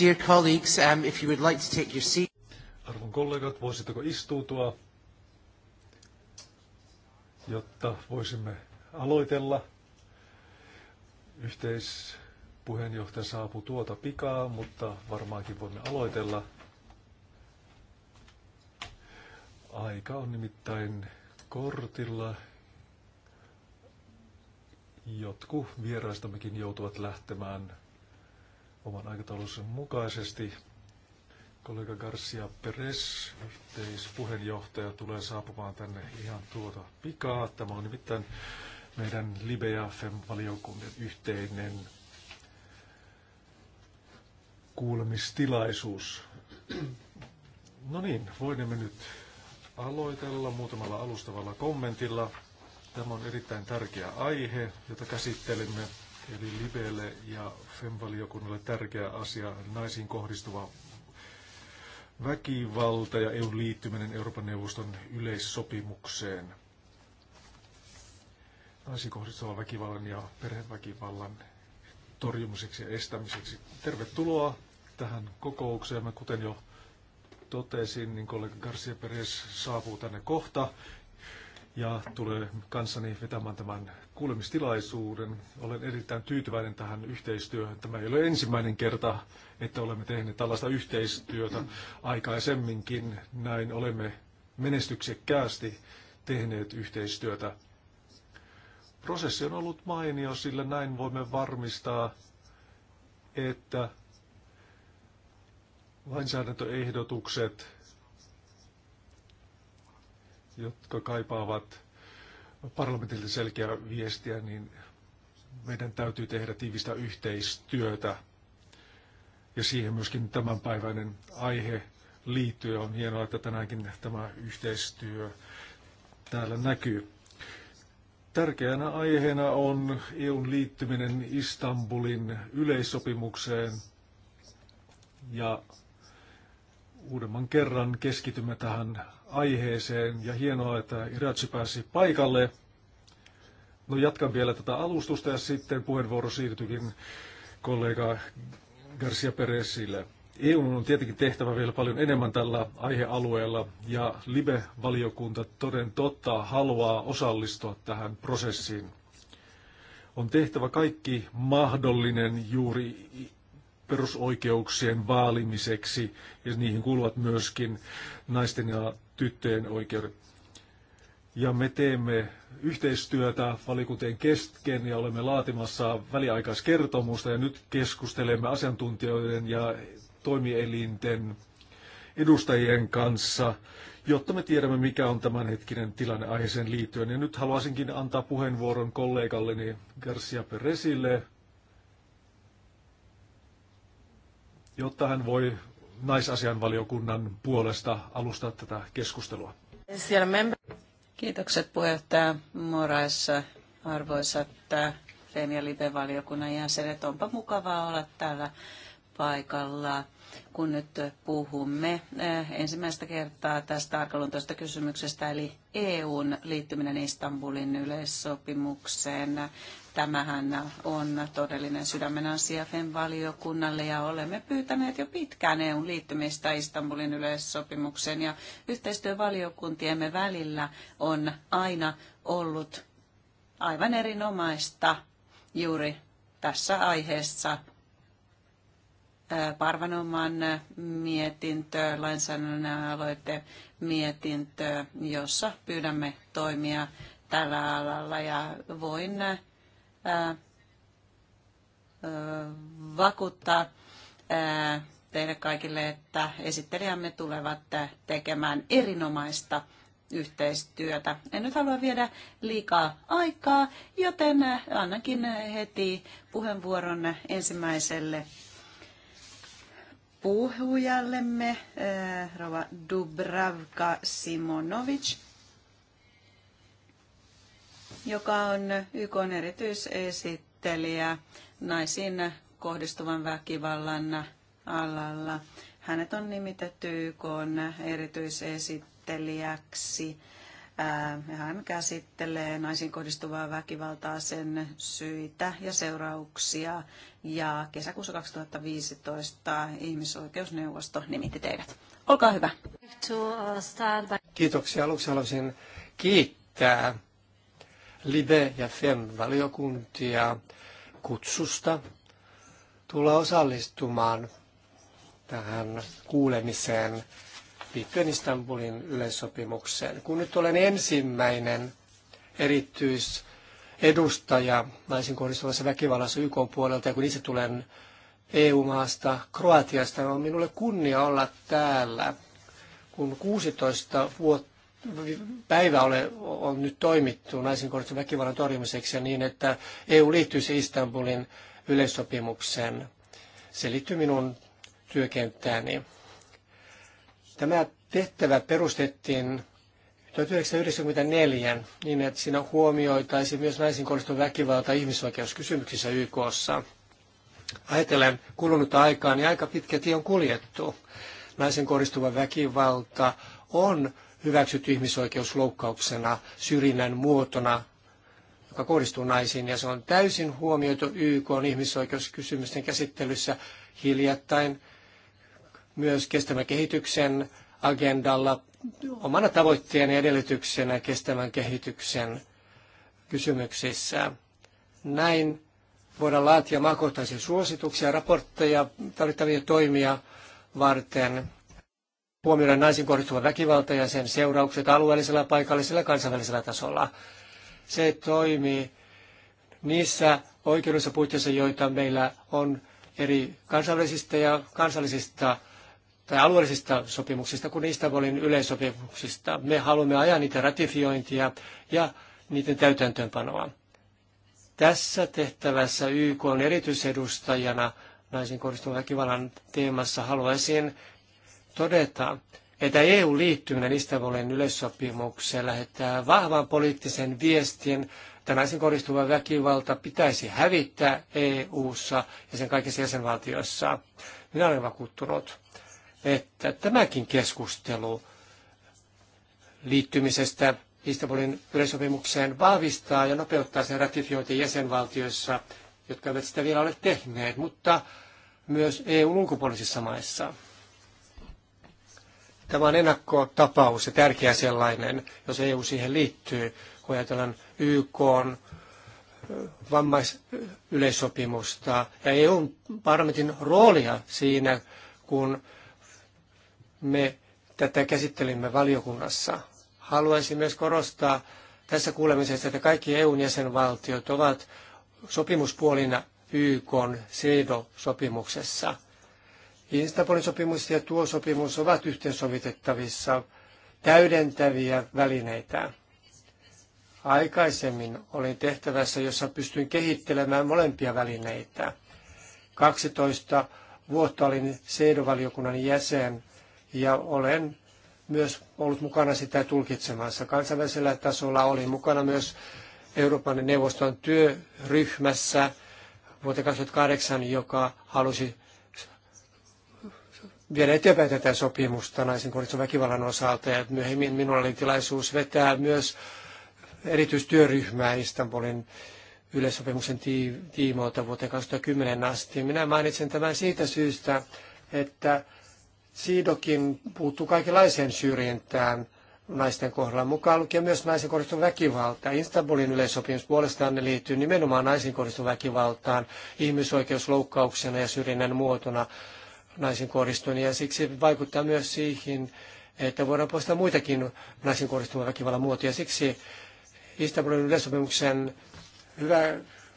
Dear colleagues, um, if you would like to take your seat. Arvon kollegat, voisitteko istuutua, jotta voisimme aloitella. Yhteispuheenjohtaja saapuu tuota pikaa, mutta varmaankin voimme aloitella. Aika on nimittäin kortilla. Jotkut vieraistammekin joutuvat lähtemään oman aikataulunsa mukaisesti. Kollega Garcia Perez, yhteispuheenjohtaja, tulee saapumaan tänne ihan tuota pikaa. Tämä on nimittäin meidän Libe ja FEM-valiokunnan yhteinen kuulemistilaisuus. No niin, voimme nyt aloitella muutamalla alustavalla kommentilla. Tämä on erittäin tärkeä aihe, jota käsittelemme eli Libelle ja FEM-valiokunnalle tärkeä asia, naisiin kohdistuva väkivalta ja EUn liittyminen Euroopan neuvoston yleissopimukseen. Naisiin kohdistuvan väkivallan ja perheväkivallan torjumiseksi ja estämiseksi. Tervetuloa tähän kokoukseen. Kuten jo totesin, niin kollega Garcia Perez saapuu tänne kohta ja tulee kanssani vetämään tämän kuulemistilaisuuden. Olen erittäin tyytyväinen tähän yhteistyöhön. Tämä ei ole ensimmäinen kerta, että olemme tehneet tällaista yhteistyötä. Aikaisemminkin näin olemme menestyksekkäästi tehneet yhteistyötä. Prosessi on ollut mainio, sillä näin voimme varmistaa, että lainsäädäntöehdotukset jotka kaipaavat parlamentille selkeää viestiä, niin meidän täytyy tehdä tiivistä yhteistyötä. Ja siihen myöskin tämänpäiväinen aihe liittyy. On hienoa, että tänäänkin tämä yhteistyö täällä näkyy. Tärkeänä aiheena on EUn liittyminen Istanbulin yleissopimukseen ja uudemman kerran keskitymme tähän aiheeseen ja hienoa, että Iratsi pääsi paikalle. No jatkan vielä tätä alustusta ja sitten puheenvuoro siirtyykin kollega Garcia Peresille. EU on tietenkin tehtävä vielä paljon enemmän tällä aihealueella ja LIBE-valiokunta toden totta haluaa osallistua tähän prosessiin. On tehtävä kaikki mahdollinen juuri perusoikeuksien vaalimiseksi ja niihin kuuluvat myöskin naisten ja tyttöjen oikeudet. Ja me teemme yhteistyötä valikuteen kesken ja olemme laatimassa väliaikaiskertomusta ja nyt keskustelemme asiantuntijoiden ja toimielinten edustajien kanssa, jotta me tiedämme, mikä on tämänhetkinen tilanne aiheeseen liittyen. Ja nyt haluaisinkin antaa puheenvuoron kollegalleni Garcia Peresille, jotta hän voi naisasianvaliokunnan puolesta alustaa tätä keskustelua. Kiitokset puheenjohtaja Moraissa, arvoisat Fem- äh, ja Libe-valiokunnan jäsenet. Onpa mukavaa olla täällä paikalla, kun nyt puhumme äh, ensimmäistä kertaa tästä arkaluontoista kysymyksestä, eli EUn liittyminen Istanbulin yleissopimukseen. Tämähän on todellinen sydämen asia FEM-valiokunnalle ja olemme pyytäneet jo pitkään EUn liittymistä Istanbulin yleissopimukseen ja yhteistyövaliokuntiemme välillä on aina ollut aivan erinomaista juuri tässä aiheessa Parvanoman mietintö, lainsäädännön aloite mietintö, jossa pyydämme toimia tällä alalla ja voin vakuuttaa teille kaikille, että esittelijämme tulevat tekemään erinomaista yhteistyötä. En nyt halua viedä liikaa aikaa, joten annankin heti puheenvuoron ensimmäiselle puhujallemme, Rova Dubravka Simonovic joka on YK on erityisesittelijä naisiin kohdistuvan väkivallan alalla. Hänet on nimitetty YK on erityisesittelijäksi. Hän käsittelee naisiin kohdistuvaa väkivaltaa, sen syitä ja seurauksia. Ja kesäkuussa 2015 ihmisoikeusneuvosto nimitti teidät. Olkaa hyvä. Uh, Kiitoksia. Aluksi haluaisin kiittää Libe- ja FEM-valiokuntia kutsusta tulla osallistumaan tähän kuulemiseen liittyen Istanbulin yleissopimukseen. Kun nyt olen ensimmäinen erityisedustaja naisin kohdistuvassa väkivallassa YK puolelta ja kun itse tulen EU-maasta Kroatiasta, on minulle kunnia olla täällä, kun 16 vuotta päivä ole, on nyt toimittu naisen kohdistuvan väkivallan torjumiseksi ja niin, että EU liittyisi Istanbulin yleissopimukseen. Se liittyy minun työkenttääni. Tämä tehtävä perustettiin 1994 niin, että siinä huomioitaisiin myös naisen kohdistuvan väkivalta ihmisoikeuskysymyksissä YKssa. Ajatellen kulunutta aikaa, niin aika pitkä tie on kuljettu. Naisen kohdistuva väkivalta on hyväksytty ihmisoikeusloukkauksena, syrjinnän muotona, joka kohdistuu naisiin, ja se on täysin huomioitu YK on ihmisoikeuskysymysten käsittelyssä hiljattain myös kestävän kehityksen agendalla omana tavoitteena ja edellytyksenä kestävän kehityksen kysymyksissä. Näin voidaan laatia maakohtaisia suosituksia, raportteja, tarvittavia toimia varten huomioida naisiin kohdistuva väkivalta ja sen seuraukset alueellisella, paikallisella ja kansainvälisellä tasolla. Se toimii niissä oikeudellisissa puitteissa, joita meillä on eri kansainvälisistä ja kansallisista tai alueellisista sopimuksista kuin Istanbulin yleisopimuksista. Me haluamme ajaa niitä ratifiointia ja niiden täytäntöönpanoa. Tässä tehtävässä YK on erityisedustajana naisiin kohdistuvan väkivallan teemassa haluaisin todetaan, että EU-liittyminen Istanbulin yleissopimukseen lähettää vahvan poliittisen viestin, että naisen kohdistuva väkivalta pitäisi hävittää EU-ssa ja sen kaikissa jäsenvaltioissa. Minä olen vakuuttunut, että tämäkin keskustelu liittymisestä Istanbulin yleissopimukseen vahvistaa ja nopeuttaa sen ratifiointi jäsenvaltioissa, jotka eivät sitä vielä ole tehneet, mutta myös EUn ulkopuolisissa maissa. Tämä on ennakkotapaus ja tärkeä sellainen, jos EU siihen liittyy, kun ajatellaan YK on vammaisyleissopimusta ja EUn parlamentin roolia siinä, kun me tätä käsittelimme valiokunnassa. Haluaisin myös korostaa tässä kuulemisessa, että kaikki EUn jäsenvaltiot ovat sopimuspuolina YK CEDO-sopimuksessa – Istanbulin sopimus ja tuo sopimus ovat yhteensovitettavissa täydentäviä välineitä. Aikaisemmin olin tehtävässä, jossa pystyin kehittelemään molempia välineitä. 12 vuotta olin seidovaliokunnan jäsen ja olen myös ollut mukana sitä tulkitsemassa. Kansainvälisellä tasolla olin mukana myös Euroopan neuvoston työryhmässä vuoteen 2008, joka halusi viedä eteenpäin tätä sopimusta naisen kohdistuvan väkivallan osalta. Ja myöhemmin minulla oli tilaisuus vetää myös erityistyöryhmää Istanbulin yleissopimuksen tiimoilta vuoteen 2010 asti. Minä mainitsen tämän siitä syystä, että Siidokin puuttuu kaikenlaiseen syrjintään naisten kohdalla, mukaan lukien myös naisen kohdistuva väkivalta. Istanbulin yleissopimus puolestaan ne liittyy nimenomaan naisen kohdistuvan väkivaltaan ihmisoikeusloukkauksena ja syrjinnän muotona naisiin kohdistuvia ja siksi vaikuttaa myös siihen, että voidaan poistaa muitakin naisiin kohdistuvan väkivallan muotoja. Siksi Istanbulin yleissopimuksen hyvä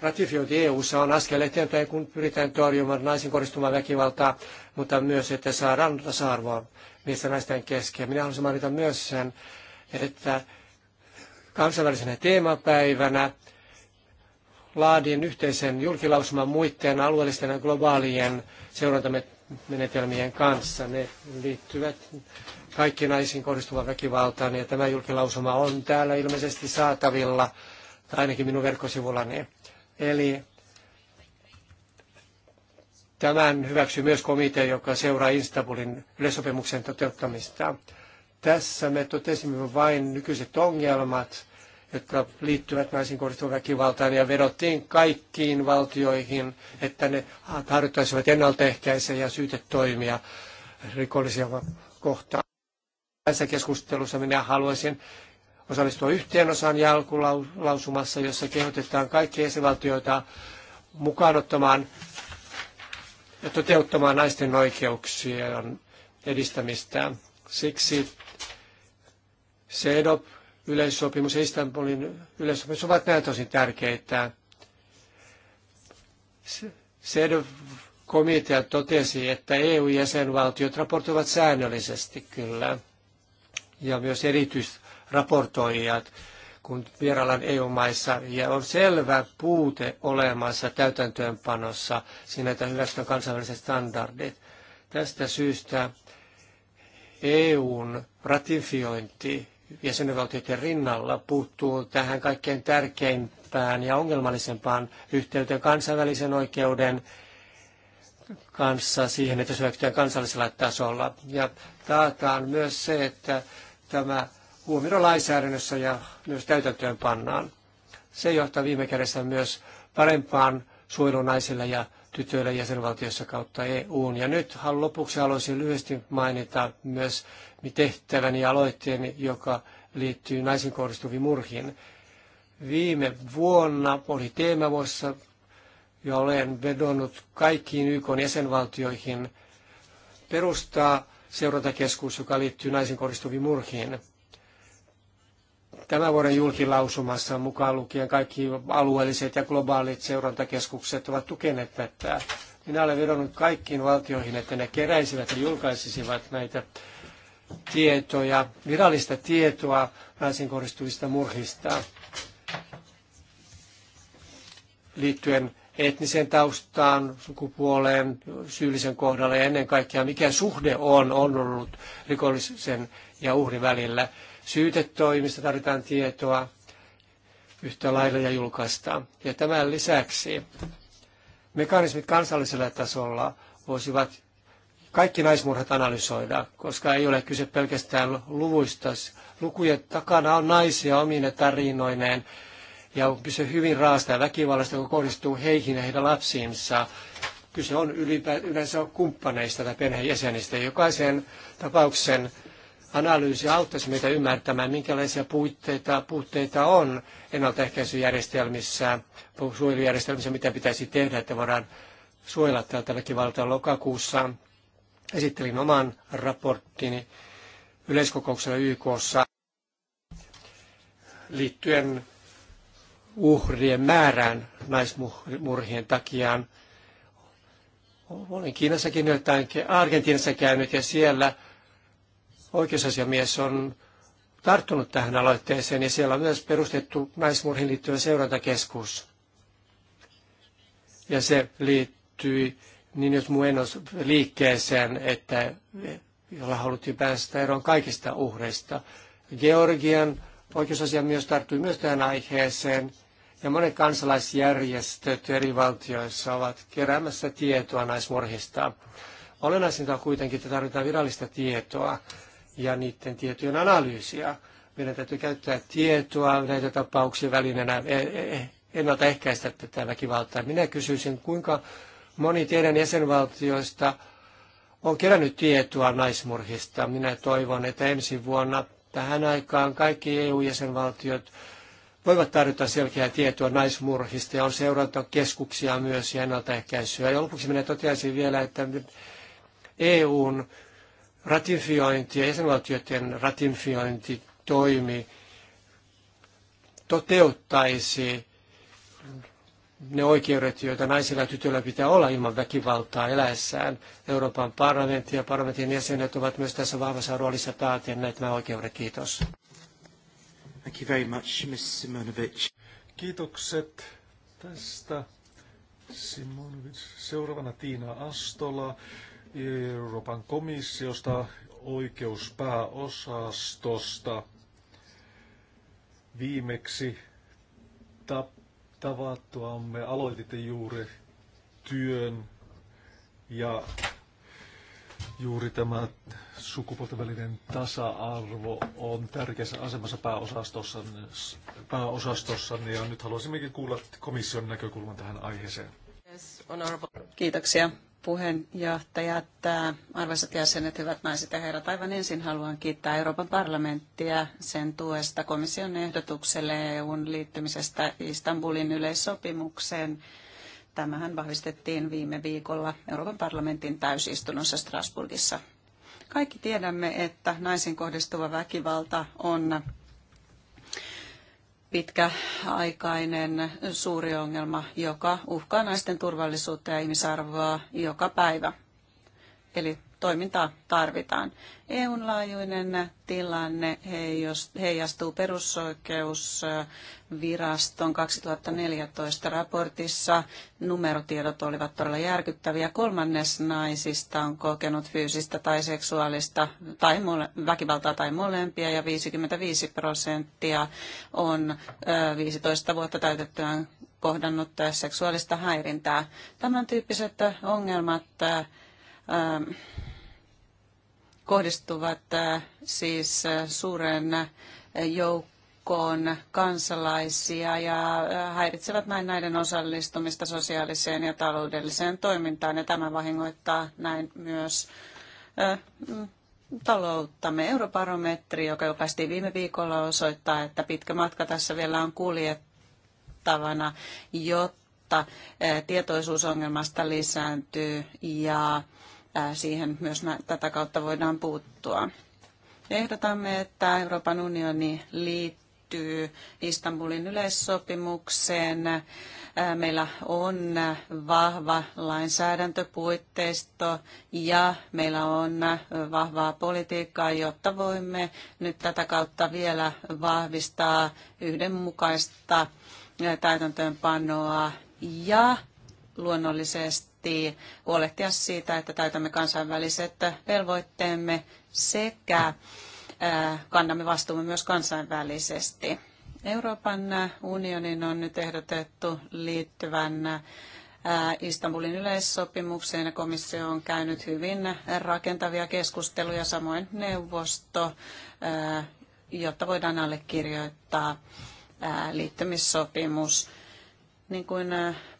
ratifiointi eu on askel eteenpäin, kun pyritään torjumaan naisiin kohdistuvaa väkivaltaa, mutta myös, että saadaan tasa-arvoa miesten naisten kesken. Minä haluaisin mainita myös sen, että kansainvälisenä teemapäivänä laadin yhteisen julkilausuman muiden alueellisten ja globaalien seurantamme menetelmien kanssa. Ne liittyvät kaikki naisiin kohdistuvan väkivaltaan ja tämä julkilausuma on täällä ilmeisesti saatavilla, tai ainakin minun verkkosivullani. Eli tämän hyväksyy myös komitea, joka seuraa Istanbulin yleissopimuksen toteuttamista. Tässä me totesimme vain nykyiset ongelmat jotka liittyvät naisiin kohdistuvan väkivaltaan, ja vedottiin kaikkiin valtioihin, että ne harjoittaisivat ennaltaehkäisiä ja syytetoimia rikollisia kohtaan. Tässä keskustelussa minä haluaisin osallistua yhteen osaan jalkulausumassa, jossa kehotetaan kaikkia esivaltioita mukaan ottamaan ja toteuttamaan naisten oikeuksien edistämistä. Siksi CEDOP yleissopimus ja Istanbulin yleissopimus ovat näin tosin tärkeitä. SED-komitea totesi, että EU-jäsenvaltiot raportoivat säännöllisesti kyllä, ja myös erityisraportoijat, kun vieraillaan EU-maissa, ja on selvä puute olemassa täytäntöönpanossa siinä, että hyväksytään kansainväliset standardit. Tästä syystä EUn ratifiointi jäsenvaltioiden rinnalla puuttuu tähän kaikkein tärkeimpään ja ongelmallisempaan yhteyteen kansainvälisen oikeuden kanssa siihen, että syöksytään kansallisella tasolla. Ja taataan myös se, että tämä huomioidaan lainsäädännössä ja myös täytäntöön pannaan. Se johtaa viime kädessä myös parempaan suojelunaisille ja tytöillä jäsenvaltiossa kautta EUn. Ja nyt lopuksi haluaisin lyhyesti mainita myös tehtäväni ja aloitteeni, joka liittyy naisiin kohdistuviin murhiin. Viime vuonna oli teemavuossa ja olen vedonnut kaikkiin YK jäsenvaltioihin perustaa seurantakeskus, joka liittyy naisiin kohdistuviin murhiin. Tämän vuoden julkilausumassa mukaan lukien kaikki alueelliset ja globaalit seurantakeskukset ovat tukeneet tätä. Minä olen vedonnut kaikkiin valtioihin, että ne keräisivät ja julkaisisivat näitä tietoja, virallista tietoa naisiin kohdistuvista murhista liittyen etniseen taustaan, sukupuoleen, syyllisen kohdalla ja ennen kaikkea mikä suhde on, on ollut rikollisen ja uhrin välillä. Syytetoimista tarvitaan tietoa yhtä lailla ja julkaistaan. Ja tämän lisäksi mekanismit kansallisella tasolla voisivat kaikki naismurhat analysoida, koska ei ole kyse pelkästään luvuista. Lukujen takana on naisia omine tarinoineen ja on kyse hyvin raasta ja väkivallasta, joka kohdistuu heihin ja heidän lapsiinsa. Kyse on ylipä, yleensä kumppaneista tai perheenjäsenistä. Jokaisen tapauksen analyysi auttaisi meitä ymmärtämään, minkälaisia puutteita, puutteita on ennaltaehkäisyjärjestelmissä, suojelujärjestelmissä, mitä pitäisi tehdä, että voidaan suojella tältä väkivaltaa lokakuussa. Esittelin oman raporttini yleiskokouksella YKssa liittyen uhrien määrään naismurhien takiaan. Olen Kiinassakin jotain, Argentiinassa käynyt ja siellä oikeusasiamies on tarttunut tähän aloitteeseen ja siellä on myös perustettu naismurhiin liittyvä seurantakeskus. Ja se liittyi niin jos muenos liikkeeseen, että jolla haluttiin päästä eroon kaikista uhreista. Georgian oikeusasiamies tarttui myös tähän aiheeseen ja monet kansalaisjärjestöt eri valtioissa ovat keräämässä tietoa naismurhista. Olennaisinta on kuitenkin, että tarvitaan virallista tietoa ja niiden tietojen analyysiä. Meidän täytyy käyttää tietoa näitä tapauksia välineenä e, e, e, ennaltaehkäistä tätä väkivaltaa. Minä kysyisin, kuinka moni teidän jäsenvaltioista on kerännyt tietoa naismurhista. Minä toivon, että ensi vuonna tähän aikaan kaikki EU-jäsenvaltiot voivat tarjota selkeää tietoa naismurhista ja on seurantakeskuksia myös ja ennaltaehkäisyä. Ja lopuksi minä toteaisin vielä, että EUn ratifiointi ja jäsenvaltioiden toimi toteuttaisi ne oikeudet, joita naisilla ja tytöillä pitää olla ilman väkivaltaa eläessään. Euroopan parlamentti ja parlamentin jäsenet ovat myös tässä vahvassa roolissa taaten näitä oikeudet. Kiitos. Thank you very much, Simonovic. Kiitokset tästä. Simonovic. Seuraavana Tiina Astola Euroopan komissiosta oikeuspääosastosta. Viimeksi tap- tavattuamme aloititte juuri työn ja Juuri tämä sukupuolten välinen tasa-arvo on tärkeässä asemassa pääosastossa, ja nyt haluaisimmekin kuulla komission näkökulman tähän aiheeseen. Kiitoksia puheenjohtajat, arvoisat jäsenet, hyvät naiset ja herrat. Aivan ensin haluan kiittää Euroopan parlamenttia sen tuesta komission ehdotukselle EUn liittymisestä Istanbulin yleissopimukseen – Tämähän vahvistettiin viime viikolla Euroopan parlamentin täysistunnossa Strasbourgissa. Kaikki tiedämme, että naisiin kohdistuva väkivalta on pitkäaikainen suuri ongelma, joka uhkaa naisten turvallisuutta ja ihmisarvoa joka päivä. Eli toimintaa tarvitaan. EUn laajuinen tilanne heijastuu perusoikeusviraston 2014 raportissa. Numerotiedot olivat todella järkyttäviä. Kolmannes naisista on kokenut fyysistä tai seksuaalista tai väkivaltaa tai molempia ja 55 prosenttia on 15 vuotta täytettyään kohdannut seksuaalista häirintää. Tämän tyyppiset ongelmat kohdistuvat äh, siis äh, suuren äh, joukkoon kansalaisia ja häiritsevät näin näiden osallistumista sosiaaliseen ja taloudelliseen toimintaan. Ja tämä vahingoittaa näin myös mm, talouttamme. Eurobarometri, joka julkaistiin viime viikolla, osoittaa, että pitkä matka tässä vielä on kuljettavana, jotta tietoisuusongelmasta lisääntyy ja Äh, siihen myös tätä kautta voidaan puuttua. Ehdotamme, että Euroopan unioni liittyy Istanbulin yleissopimukseen. Äh, meillä on vahva lainsäädäntöpuitteisto ja meillä on vahvaa politiikkaa, jotta voimme nyt tätä kautta vielä vahvistaa yhdenmukaista äh, täytäntöönpanoa ja luonnollisesti vaatii huolehtia siitä, että täytämme kansainväliset velvoitteemme sekä kannamme vastuumme myös kansainvälisesti. Euroopan unionin on nyt ehdotettu liittyvän Istanbulin yleissopimukseen ja komissio on käynyt hyvin rakentavia keskusteluja, samoin neuvosto, jotta voidaan allekirjoittaa liittymissopimus. Niin kuin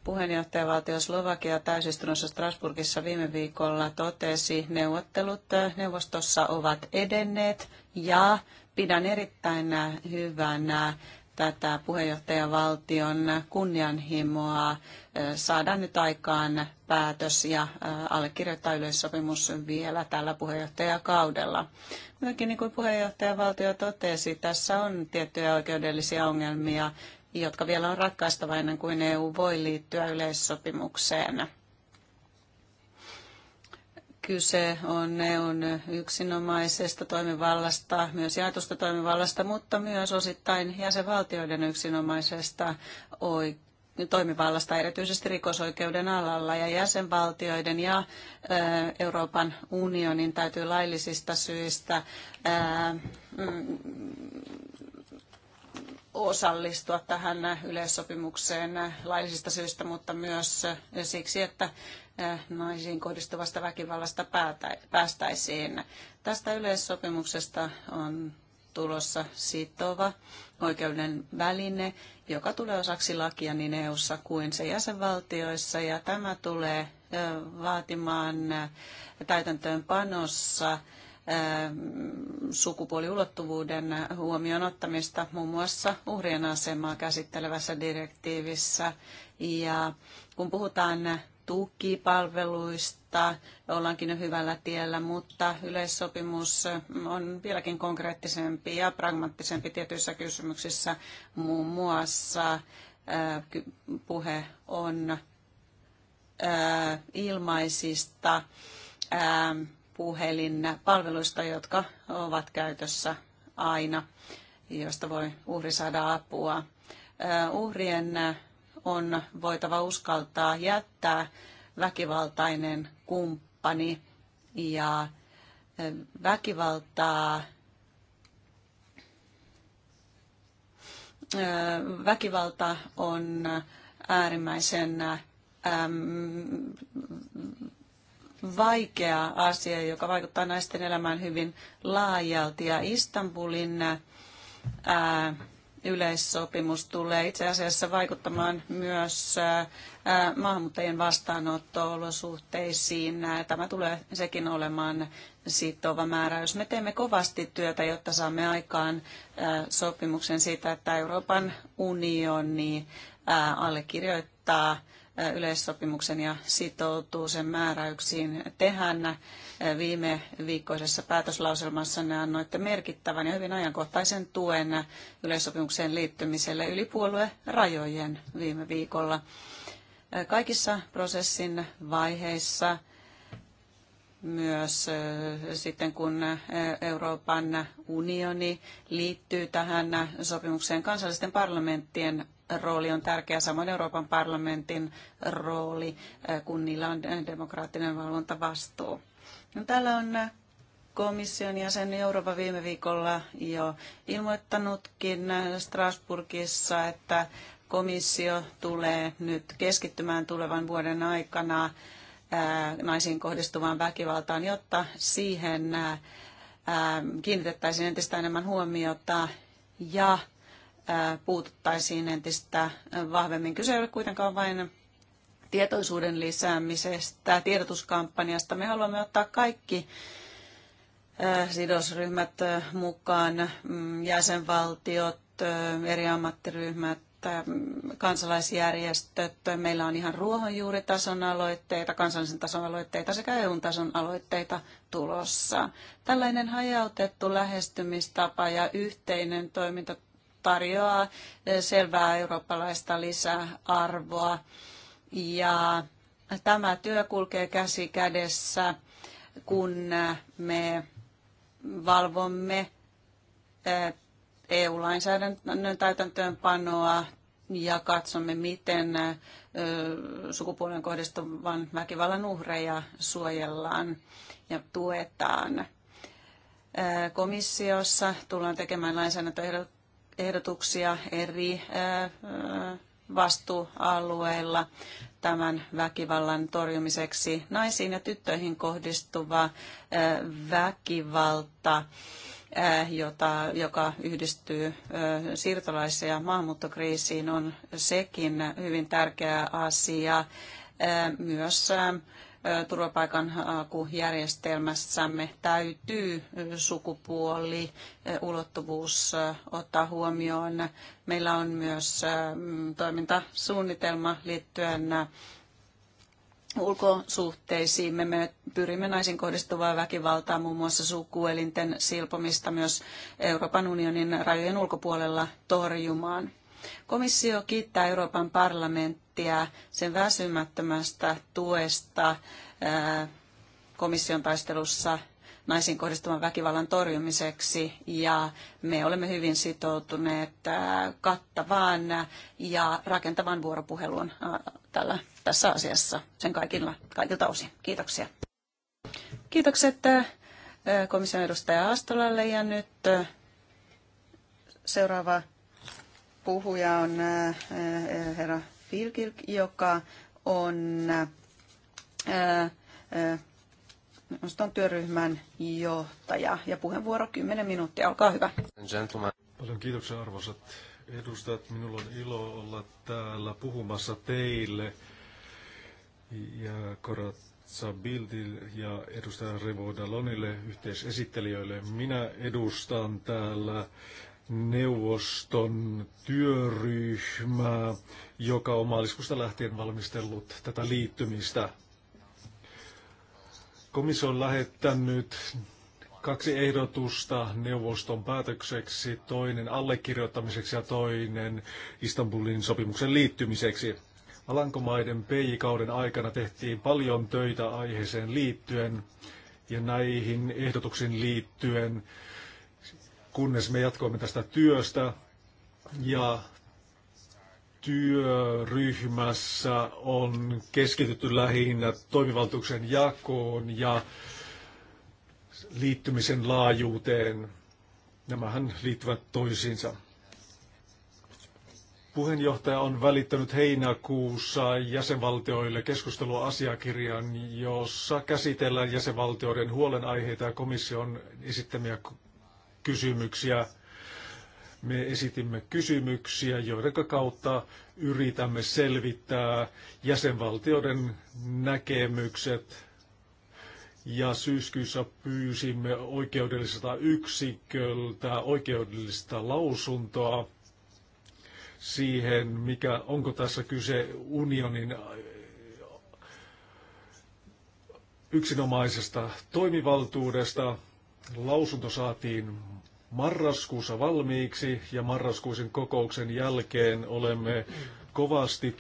puheenjohtajavaltio Slovakia täysistunnossa Strasburgissa viime viikolla totesi, neuvottelut äh, neuvostossa ovat edenneet ja pidän erittäin äh, hyvänä tätä puheenjohtajavaltion kunnianhimoa äh, saada nyt aikaan päätös ja allekirjoittaa yleissopimus vielä tällä puheenjohtajakaudella. Myöskin niin kuin puheenjohtajavaltio totesi, tässä on tiettyjä oikeudellisia ongelmia jotka vielä on ratkaistava ennen kuin EU voi liittyä yleissopimukseen. Kyse on EUn yksinomaisesta toimivallasta, myös jaetusta toimivallasta, mutta myös osittain jäsenvaltioiden yksinomaisesta oikeudesta toimivallasta erityisesti rikosoikeuden alalla ja jäsenvaltioiden ja Euroopan unionin täytyy laillisista syistä mm, osallistua tähän yleissopimukseen laillisista syistä, mutta myös siksi, että naisiin kohdistuvasta väkivallasta päästäisiin. Tästä yleissopimuksesta on tulossa sitova oikeuden väline, joka tulee osaksi lakia niin EU-ssa kuin se jäsenvaltioissa, ja tämä tulee vaatimaan täytäntöönpanossa panossa Ähm, sukupuoliulottuvuuden huomioon ottamista muun muassa uhrien asemaa käsittelevässä direktiivissä. Ja kun puhutaan tukipalveluista, ollaankin jo hyvällä tiellä, mutta yleissopimus on vieläkin konkreettisempi ja pragmaattisempi tietyissä kysymyksissä. Muun muassa äh, puhe on äh, ilmaisista ähm, palveluista, jotka ovat käytössä aina, josta voi uhri saada apua. Uhrien on voitava uskaltaa jättää väkivaltainen kumppani ja väkivaltaa väkivalta on äärimmäisen vaikea asia, joka vaikuttaa naisten elämään hyvin laajalti. Ja Istanbulin ää, yleissopimus tulee itse asiassa vaikuttamaan myös maahanmuuttajien vastaanotto-olosuhteisiin. Tämä tulee sekin olemaan sitova Jos Me teemme kovasti työtä, jotta saamme aikaan sopimuksen siitä, että Euroopan unioni allekirjoittaa yleissopimuksen ja sitoutuu sen määräyksiin. Tehän viime viikkoisessa päätöslauselmassa ne annoitte merkittävän ja hyvin ajankohtaisen tuen yleissopimukseen liittymiselle yli rajojen viime viikolla. Kaikissa prosessin vaiheissa myös sitten kun Euroopan unioni liittyy tähän sopimukseen kansallisten parlamenttien rooli on tärkeä, samoin Euroopan parlamentin rooli, eh, kun niillä on demokraattinen valvontavastuu. No, täällä on eh, komission jäsen Eurooppa viime viikolla jo ilmoittanutkin eh, Strasburgissa, että komissio tulee nyt keskittymään tulevan vuoden aikana naisiin kohdistuvaan väkivaltaan, jotta siihen kiinnitettäisiin entistä enemmän huomiota ja puututtaisiin entistä vahvemmin. Kyse ei ole kuitenkaan vain tietoisuuden lisäämisestä, tiedotuskampanjasta. Me haluamme ottaa kaikki sidosryhmät mukaan, mm, jäsenvaltiot, eri ammattiryhmät, kansalaisjärjestöt. Meillä on ihan ruohonjuuritason aloitteita, kansallisen tason aloitteita sekä EU-tason aloitteita tulossa. Tällainen hajautettu lähestymistapa ja yhteinen toimintatapa tarjoaa eh, selvää eurooppalaista lisäarvoa. Ja tämä työ kulkee käsi kädessä, kun me valvomme EU-lainsäädännön eh, e täytäntöönpanoa ja katsomme, miten eh, sukupuolen kohdistuvan väkivallan uhreja suojellaan ja tuetaan. Komissiossa tullaan tekemään lainsäädäntöehdotuksia ehdotuksia eri äh, äh, vastuualueilla tämän väkivallan torjumiseksi. Naisiin ja tyttöihin kohdistuva äh, väkivalta, jota, joka yhdistyy siirtolais- ja maahanmuuttokriisiin, on sekin hyvin tärkeä asia. Myös turvapaikan akujärjestelmässämme täytyy sukupuoli ulottuvuus ottaa huomioon. Meillä on myös mm, toimintasuunnitelma liittyen ulkosuhteisiin. Me pyrimme naisiin kohdistuvaa väkivaltaa, muun muassa sukuelinten silpomista myös Euroopan unionin rajojen ulkopuolella torjumaan. Komissio kiittää Euroopan parlamenttia kiittiä sen väsymättömästä tuesta komission taistelussa naisiin kohdistuvan väkivallan torjumiseksi ja me olemme hyvin sitoutuneet kattavaan ja rakentavaan vuoropuheluun tällä, tässä asiassa sen kaikilla, kaikilta osin. Kiitoksia. Kiitokset komission edustaja Astolalle ja nyt seuraava puhuja on herra Filkil, joka on äh, äh, on työryhmän johtaja ja puheenvuoro 10 minuuttia. Olkaa hyvä. Paljon kiitoksia arvoisat edustajat. Minulla on ilo olla täällä puhumassa teille ja korot. Bildil ja edustaja Revo Dalonille yhteisesittelijöille. Minä edustan täällä neuvoston työryhmää, joka on maaliskuusta lähtien valmistellut tätä liittymistä. Komissio on lähettänyt kaksi ehdotusta neuvoston päätökseksi, toinen allekirjoittamiseksi ja toinen Istanbulin sopimuksen liittymiseksi. Alankomaiden pi kauden aikana tehtiin paljon töitä aiheeseen liittyen ja näihin ehdotuksiin liittyen kunnes me jatkoimme tästä työstä. Ja työryhmässä on keskitytty lähinnä toimivaltuuksien jakoon ja liittymisen laajuuteen. Nämähän liittyvät toisiinsa. Puheenjohtaja on välittänyt heinäkuussa jäsenvaltioille keskusteluasiakirjan, jossa käsitellään jäsenvaltioiden huolenaiheita ja komission esittämiä kysymyksiä. Me esitimme kysymyksiä, joiden kautta yritämme selvittää jäsenvaltioiden näkemykset ja syyskuussa pyysimme oikeudelliselta yksiköltä oikeudellista lausuntoa siihen, mikä, onko tässä kyse unionin yksinomaisesta toimivaltuudesta. Lausunto saatiin marraskuussa valmiiksi ja marraskuisen kokouksen jälkeen olemme kovasti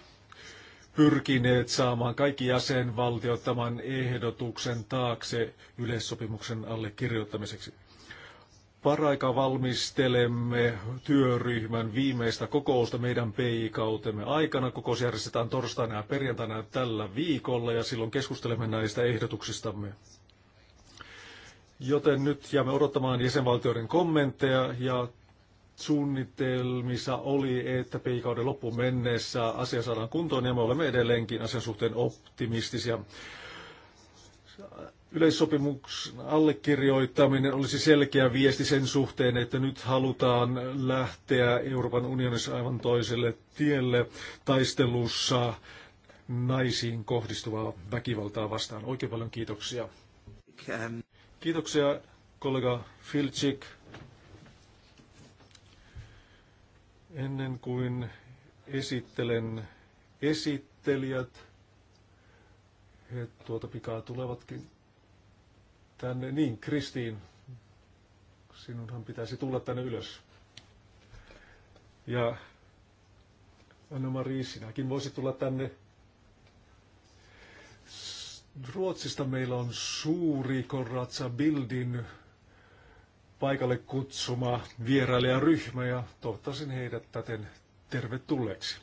pyrkineet saamaan kaikki jäsenvaltiot tämän ehdotuksen taakse yleissopimuksen allekirjoittamiseksi. Paraika valmistelemme työryhmän viimeistä kokousta meidän PI-kautemme aikana. Kokous järjestetään torstaina ja perjantaina tällä viikolla ja silloin keskustelemme näistä ehdotuksistamme. Joten nyt jäämme odottamaan jäsenvaltioiden kommentteja ja suunnitelmissa oli, että peikauden loppuun mennessä asia saadaan kuntoon ja me olemme edelleenkin asian suhteen optimistisia. Yleissopimuksen allekirjoittaminen olisi selkeä viesti sen suhteen, että nyt halutaan lähteä Euroopan unionissa aivan toiselle tielle taistelussa naisiin kohdistuvaa väkivaltaa vastaan. Oikein paljon kiitoksia. Ähm. Kiitoksia kollega Filchik. Ennen kuin esittelen esittelijät, he tuota pikaa tulevatkin tänne. Niin, Kristiin, sinunhan pitäisi tulla tänne ylös. Ja Anna-Mari, sinäkin voisi tulla tänne Ruotsista meillä on suuri Konradsa Bildin paikalle kutsuma vierailijaryhmä ja toivottaisin heidät täten tervetulleeksi.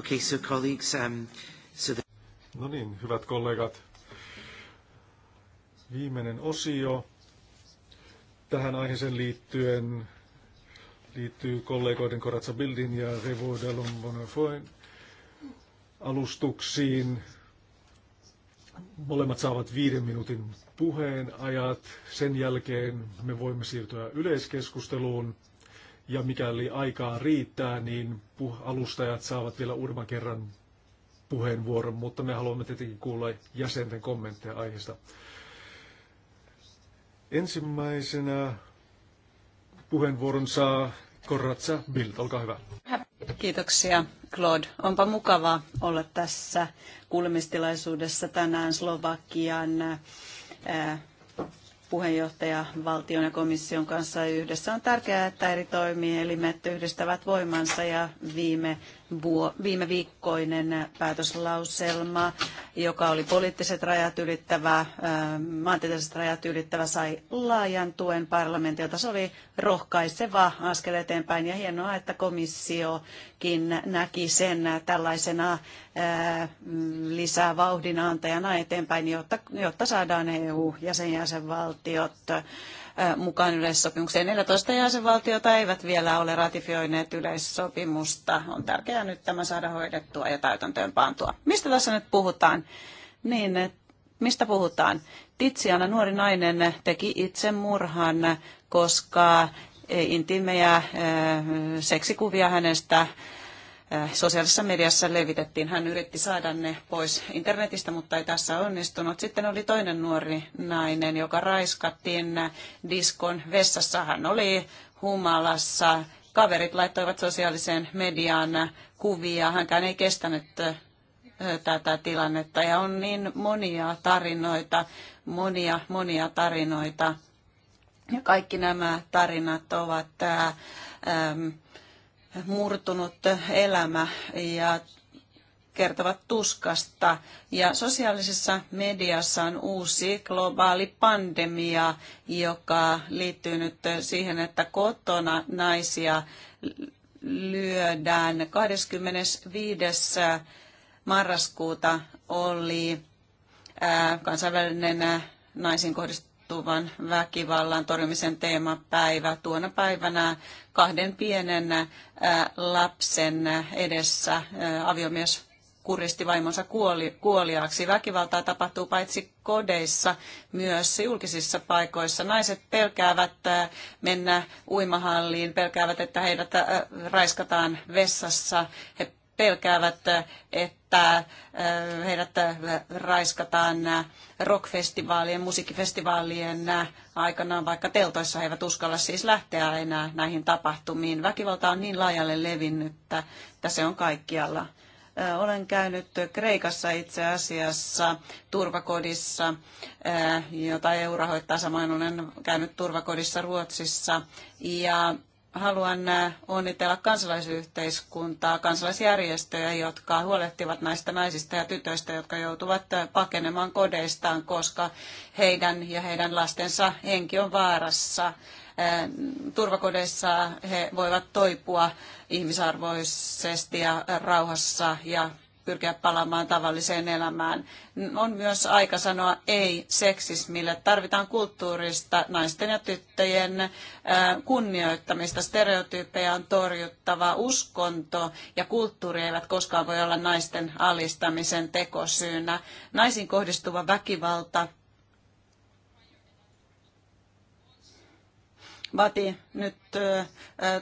Okay, so colleagues, um, so the... No niin, hyvät kollegat. Viimeinen osio tähän aiheeseen liittyen liittyy kollegoiden Corazza Bildin ja Revo de alustuksiin. Molemmat saavat viiden minuutin puheen, ajat Sen jälkeen me voimme siirtyä yleiskeskusteluun. Ja mikäli aikaa riittää, niin alustajat saavat vielä uudemman kerran puheenvuoron, mutta me haluamme tietenkin kuulla jäsenten kommentteja aiheesta. Ensimmäisenä puheenvuoron saa Korratsa Bild, olkaa hyvä. Kiitoksia Claude. Onpa mukava olla tässä kuulemistilaisuudessa tänään Slovakian puheenjohtaja valtion ja komission kanssa yhdessä. On tärkeää, että eri toimielimet yhdistävät voimansa ja viime viime viikkoinen päätöslauselma, joka oli poliittiset rajat ylittävä, maantieteelliset rajat ylittävä, sai laajan tuen parlamentilta. Se oli rohkaiseva askel eteenpäin ja hienoa, että komissiokin näki sen tällaisena lisää vauhdin eteenpäin, jotta, jotta saadaan EU ja sen jäsenvaltiot mukaan yleissopimukseen. 14 jäsenvaltiota eivät vielä ole ratifioineet yleissopimusta. On tärkeää nyt tämä saada hoidettua ja täytäntöön pantua. Mistä tässä nyt puhutaan? Niin, mistä puhutaan? Titsiana nuori nainen teki itsemurhan, koska intiimejä seksikuvia hänestä Äh, sosiaalisessa mediassa levitettiin. Hän yritti saada ne pois internetistä, mutta ei tässä onnistunut. Sitten oli toinen nuori nainen, joka raiskattiin diskon vessassa. Hän oli humalassa. Kaverit laittoivat sosiaaliseen mediaan kuvia. Hänkään ei kestänyt äh, tätä tilannetta. Ja on niin monia tarinoita, monia, monia tarinoita. Ja kaikki nämä tarinat ovat ää, äh, ää, murtunut elämä ja kertovat tuskasta. Ja sosiaalisessa mediassa on uusi globaali pandemia, joka liittyy nyt siihen, että kotona naisia lyödään. 25. marraskuuta oli kansainvälinen naisiin kohdistettu tapahtuvan väkivallan torjumisen teemapäivä. Tuona päivänä kahden pienen lapsen edessä aviomies kuristi vaimonsa kuoli, kuoliaaksi. Väkivaltaa tapahtuu paitsi kodeissa, myös julkisissa paikoissa. Naiset pelkäävät mennä uimahalliin, pelkäävät, että heidät raiskataan vessassa. He pelkäävät, että äh, heidät äh, raiskataan äh, rockfestivaalien, musiikkifestivaalien aikanaan vaikka teltoissa he eivät uskalla siis lähteä enää näihin tapahtumiin. Väkivalta on niin laajalle levinnyt, että se on kaikkialla. Olen käynyt Kreikassa itse asiassa turvakodissa, jota EU rahoittaa. Samoin olen käynyt turvakodissa Ruotsissa. Ja haluan äh, onnitella kansalaisyhteiskuntaa, kansalaisjärjestöjä, jotka huolehtivat näistä naisista ja tytöistä, jotka joutuvat äh, pakenemaan kodeistaan, koska heidän ja heidän lastensa henki on vaarassa. Äh, turvakodeissa he voivat toipua ihmisarvoisesti ja rauhassa ja pyrkiä palaamaan tavalliseen elämään. On myös aika sanoa ei seksismille. Tarvitaan kulttuurista naisten ja tyttöjen kunnioittamista. Stereotyyppejä on torjuttava. Uskonto ja kulttuuri eivät koskaan voi olla naisten alistamisen tekosyynä. Naisiin kohdistuva väkivalta vaatii nyt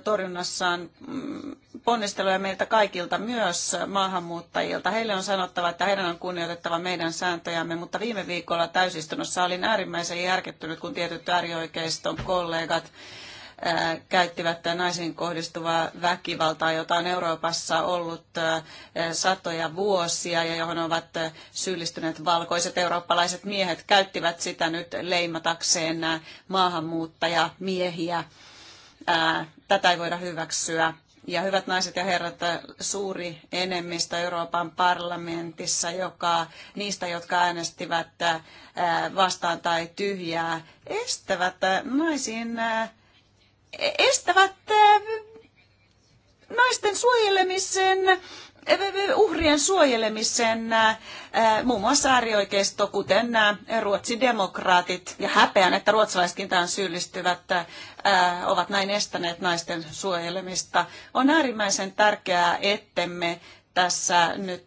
torjunnassaan mm, ponnisteluja meiltä kaikilta, myös maahanmuuttajilta. Heille on sanottava, että heidän on kunnioitettava meidän sääntöjämme, mutta viime viikolla täysistunnossa olin äärimmäisen järkyttynyt, kun tietyt äärioikeiston kollegat käyttivät naisiin kohdistuvaa väkivaltaa, jota on Euroopassa ollut satoja vuosia ja johon ovat syyllistyneet valkoiset eurooppalaiset miehet, käyttivät sitä nyt leimatakseen maahanmuuttajamiehiä. Tätä ei voida hyväksyä. Ja hyvät naiset ja herrat, suuri enemmistö Euroopan parlamentissa, joka niistä, jotka äänestivät äh, vastaan tai tyhjää, estävät äh, naisiin, äh, estävät naisten suojelemisen Eh, eh, eh, uhrien suojelemisen muun muassa äärioikeisto, kuten Ruotsin demokraatit. ja häpeän, että ruotsalaisetkin tähän syyllistyvät, ovat näin estäneet naisten suojelemista. On äärimmäisen tärkeää, ettemme tässä nyt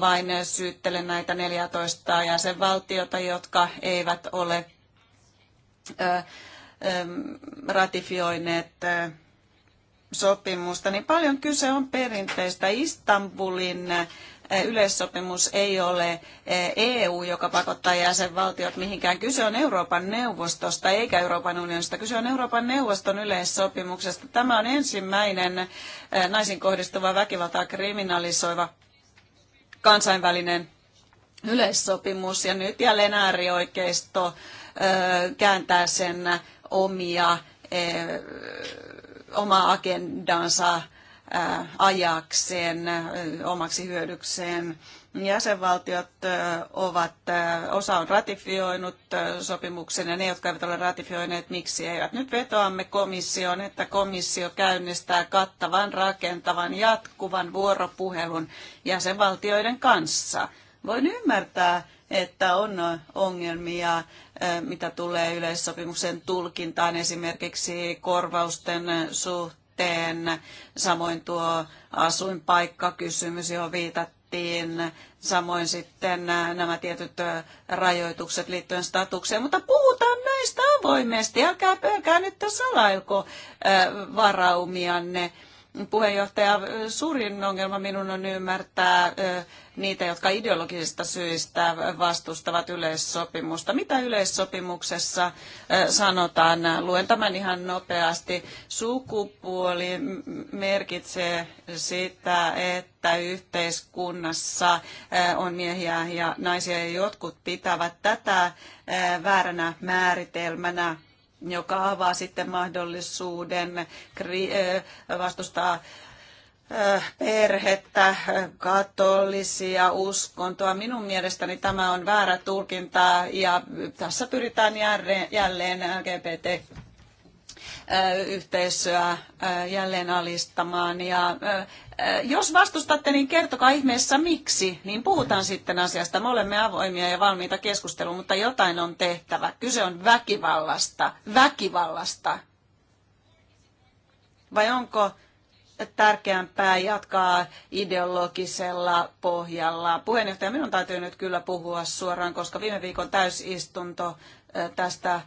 vain syyttele näitä 14 jäsenvaltiota, jotka eivät ole ratifioineet sopimusta, niin paljon kyse on perinteistä. Istanbulin eh, yleissopimus ei ole EU, eh, e joka pakottaa jäsenvaltiot mihinkään. Kyse on Euroopan neuvostosta eikä Euroopan unionista. Kyse on Euroopan neuvoston yleissopimuksesta. Tämä on ensimmäinen eh, naisiin kohdistuva väkivaltaa kriminalisoiva kansainvälinen yleissopimus. Ja nyt jälleen äärioikeisto kääntää sen omia omaa agendansa äh, ajakseen, äh, omaksi hyödykseen. Jäsenvaltiot äh, ovat, osa on ratifioinut sopimuksen ja ne, jotka eivät ole ratifioineet, miksi eivät. Nyt vetoamme komissioon, että komissio käynnistää kattavan, rakentavan, jatkuvan vuoropuhelun jäsenvaltioiden kanssa Voin ymmärtää, että on ongelmia, eh, mitä tulee yleissopimuksen tulkintaan esimerkiksi korvausten suhteen, samoin tuo asuinpaikkakysymys, johon viitattiin, samoin sitten eh, nämä tietyt eh, rajoitukset liittyen statukseen, mutta puhutaan näistä avoimesti, älkää pelkää nyt salailko varaumianne puheenjohtaja, suurin ongelma minun on ymmärtää niitä, jotka ideologisista syistä vastustavat yleissopimusta. Mitä yleissopimuksessa sanotaan? Luen tämän ihan nopeasti. Sukupuoli merkitsee sitä, että yhteiskunnassa on miehiä ja naisia ja jotkut pitävät tätä vääränä määritelmänä joka avaa sitten mahdollisuuden vastustaa perhettä, katolisia, uskontoa. Minun mielestäni tämä on väärä tulkinta ja tässä pyritään jälleen LGBT yhteisöä jälleen alistamaan. Ja jos vastustatte, niin kertokaa ihmeessä miksi, niin puhutaan sitten asiasta. Me olemme avoimia ja valmiita keskusteluun, mutta jotain on tehtävä. Kyse on väkivallasta. Väkivallasta. Vai onko tärkeämpää jatkaa ideologisella pohjalla. Puheenjohtaja, minun täytyy nyt kyllä puhua suoraan, koska viime viikon täysistunto tästä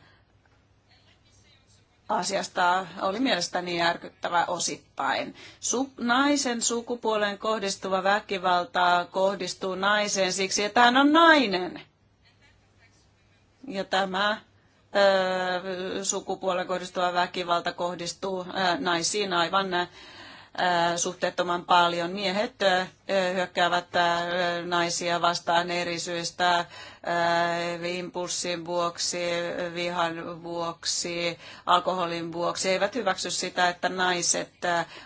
asiasta oli mielestäni järkyttävä osittain. Su- naisen sukupuoleen kohdistuva väkivalta kohdistuu naiseen siksi, että hän on nainen. Ja tämä ö, sukupuoleen kohdistuva väkivalta kohdistuu ö, naisiin aivan suhteettoman paljon. Miehet hyökkäävät naisia vastaan eri syistä, impulssin vuoksi, vihan vuoksi, alkoholin vuoksi. Eivät hyväksy sitä, että naiset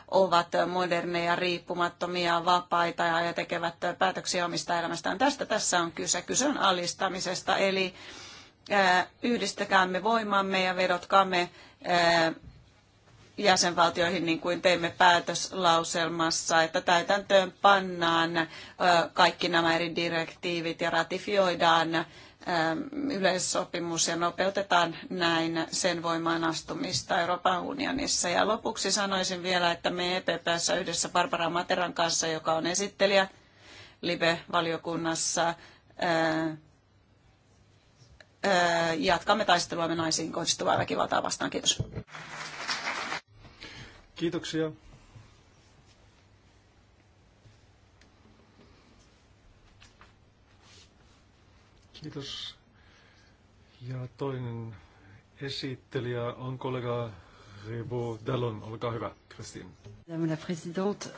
ovat moderneja, riippumattomia, vapaita ja tekevät päätöksiä omista elämästään. Tästä tässä on kyse. Kyse on alistamisesta, eli yhdistäkäämme voimamme ja vedotkaamme jäsenvaltioihin, niin kuin teimme päätöslauselmassa, että täytäntöön pannaan kaikki nämä eri direktiivit ja ratifioidaan yleissopimus ja nopeutetaan näin sen voimaan astumista Euroopan unionissa. Ja lopuksi sanoisin vielä, että me EPPssä yhdessä Barbara Materan kanssa, joka on esittelijä Libe-valiokunnassa, jatkamme taisteluamme naisiin kohdistuvaa väkivaltaa vastaan. Kiitos. Kiitoksia. Kiitos. Ja toinen esittelijä on kollega Rebo Dallon. Olkaa hyvä, Kristin. Madame la présidente,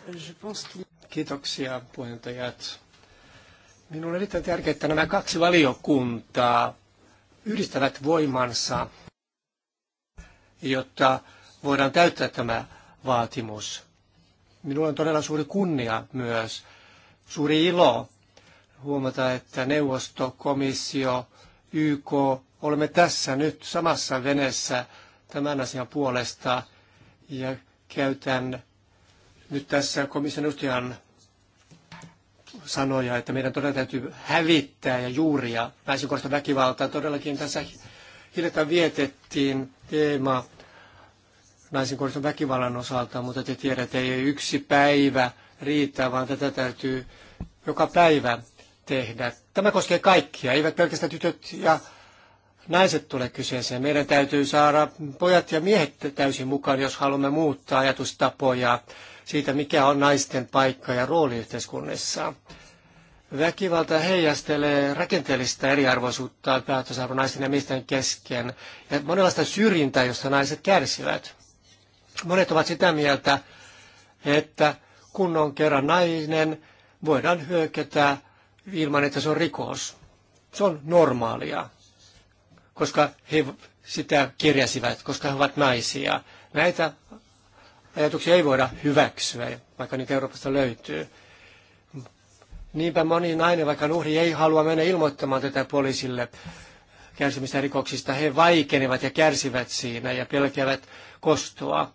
Kiitoksia puheenjohtajat. Minulle on erittäin tärkeää, että nämä kaksi valiokuntaa yhdistävät voimansa, jotta voidaan täyttää tämä vaatimus. Minulla on todella suuri kunnia myös, suuri ilo huomata, että neuvosto, komissio, YK, olemme tässä nyt samassa veneessä tämän asian puolesta ja käytän nyt tässä komission edustajan sanoja, että meidän todella täytyy hävittää ja juuria naisen väkivaltaa. Todellakin tässä hiljattain vietettiin teema naisen kohdistuvan väkivallan osalta, mutta te tiedätte, ei yksi päivä riitä, vaan tätä täytyy joka päivä tehdä. Tämä koskee kaikkia, eivät pelkästään tytöt ja naiset tule kyseeseen. Meidän täytyy saada pojat ja miehet täysin mukaan, jos haluamme muuttaa ajatustapoja siitä, mikä on naisten paikka ja rooli yhteiskunnassa. Väkivalta heijastelee rakenteellista eriarvoisuutta päätösarvo naisten ja miesten kesken ja monenlaista syrjintää, josta naiset kärsivät. Monet ovat sitä mieltä, että kun on kerran nainen, voidaan hyökätä ilman, että se on rikos. Se on normaalia, koska he sitä kirjasivat, koska he ovat naisia. Näitä ajatuksia ei voida hyväksyä, vaikka niitä Euroopasta löytyy. Niinpä moni nainen, vaikka uhri ei halua mennä ilmoittamaan tätä poliisille kärsimistä rikoksista, he vaikenevat ja kärsivät siinä ja pelkäävät kostoa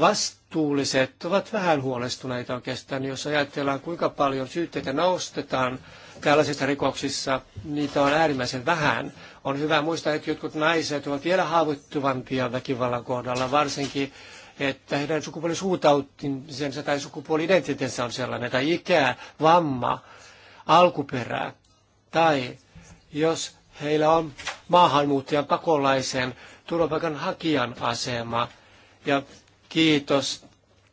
vastuulliset ovat vähän huolestuneita oikeastaan, jos ajatellaan kuinka paljon syytteitä nostetaan tällaisissa rikoksissa, niitä on äärimmäisen vähän. On hyvä muistaa, että jotkut naiset ovat vielä haavoittuvampia väkivallan kohdalla, varsinkin että heidän sukupuolisuutautinsa tai sukupuoli-identiteettinsä on sellainen, tai ikä, vamma, alkuperä, tai jos heillä on maahanmuuttajan, pakolaisen, turvapaikanhakijan asema, ja Kiitos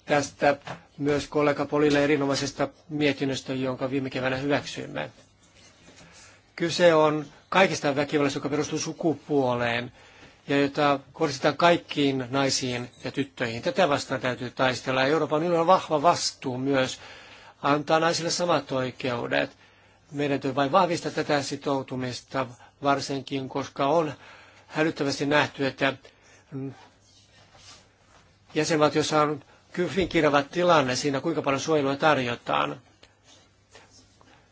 tästä myös kollega Polille erinomaisesta mietinnöstä, jonka viime keväänä hyväksyimme. Kyse on kaikista väkivallasta, joka perustuu sukupuoleen ja jota kohdistetaan kaikkiin naisiin ja tyttöihin. Tätä vastaan täytyy taistella. Euroopan unionilla on vahva vastuu myös antaa naisille samat oikeudet. Meidän täytyy vain vahvistaa tätä sitoutumista varsinkin, koska on hälyttävästi nähty, että jäsenvaltiossa on hyvin kirjava tilanne siinä, kuinka paljon suojelua tarjotaan.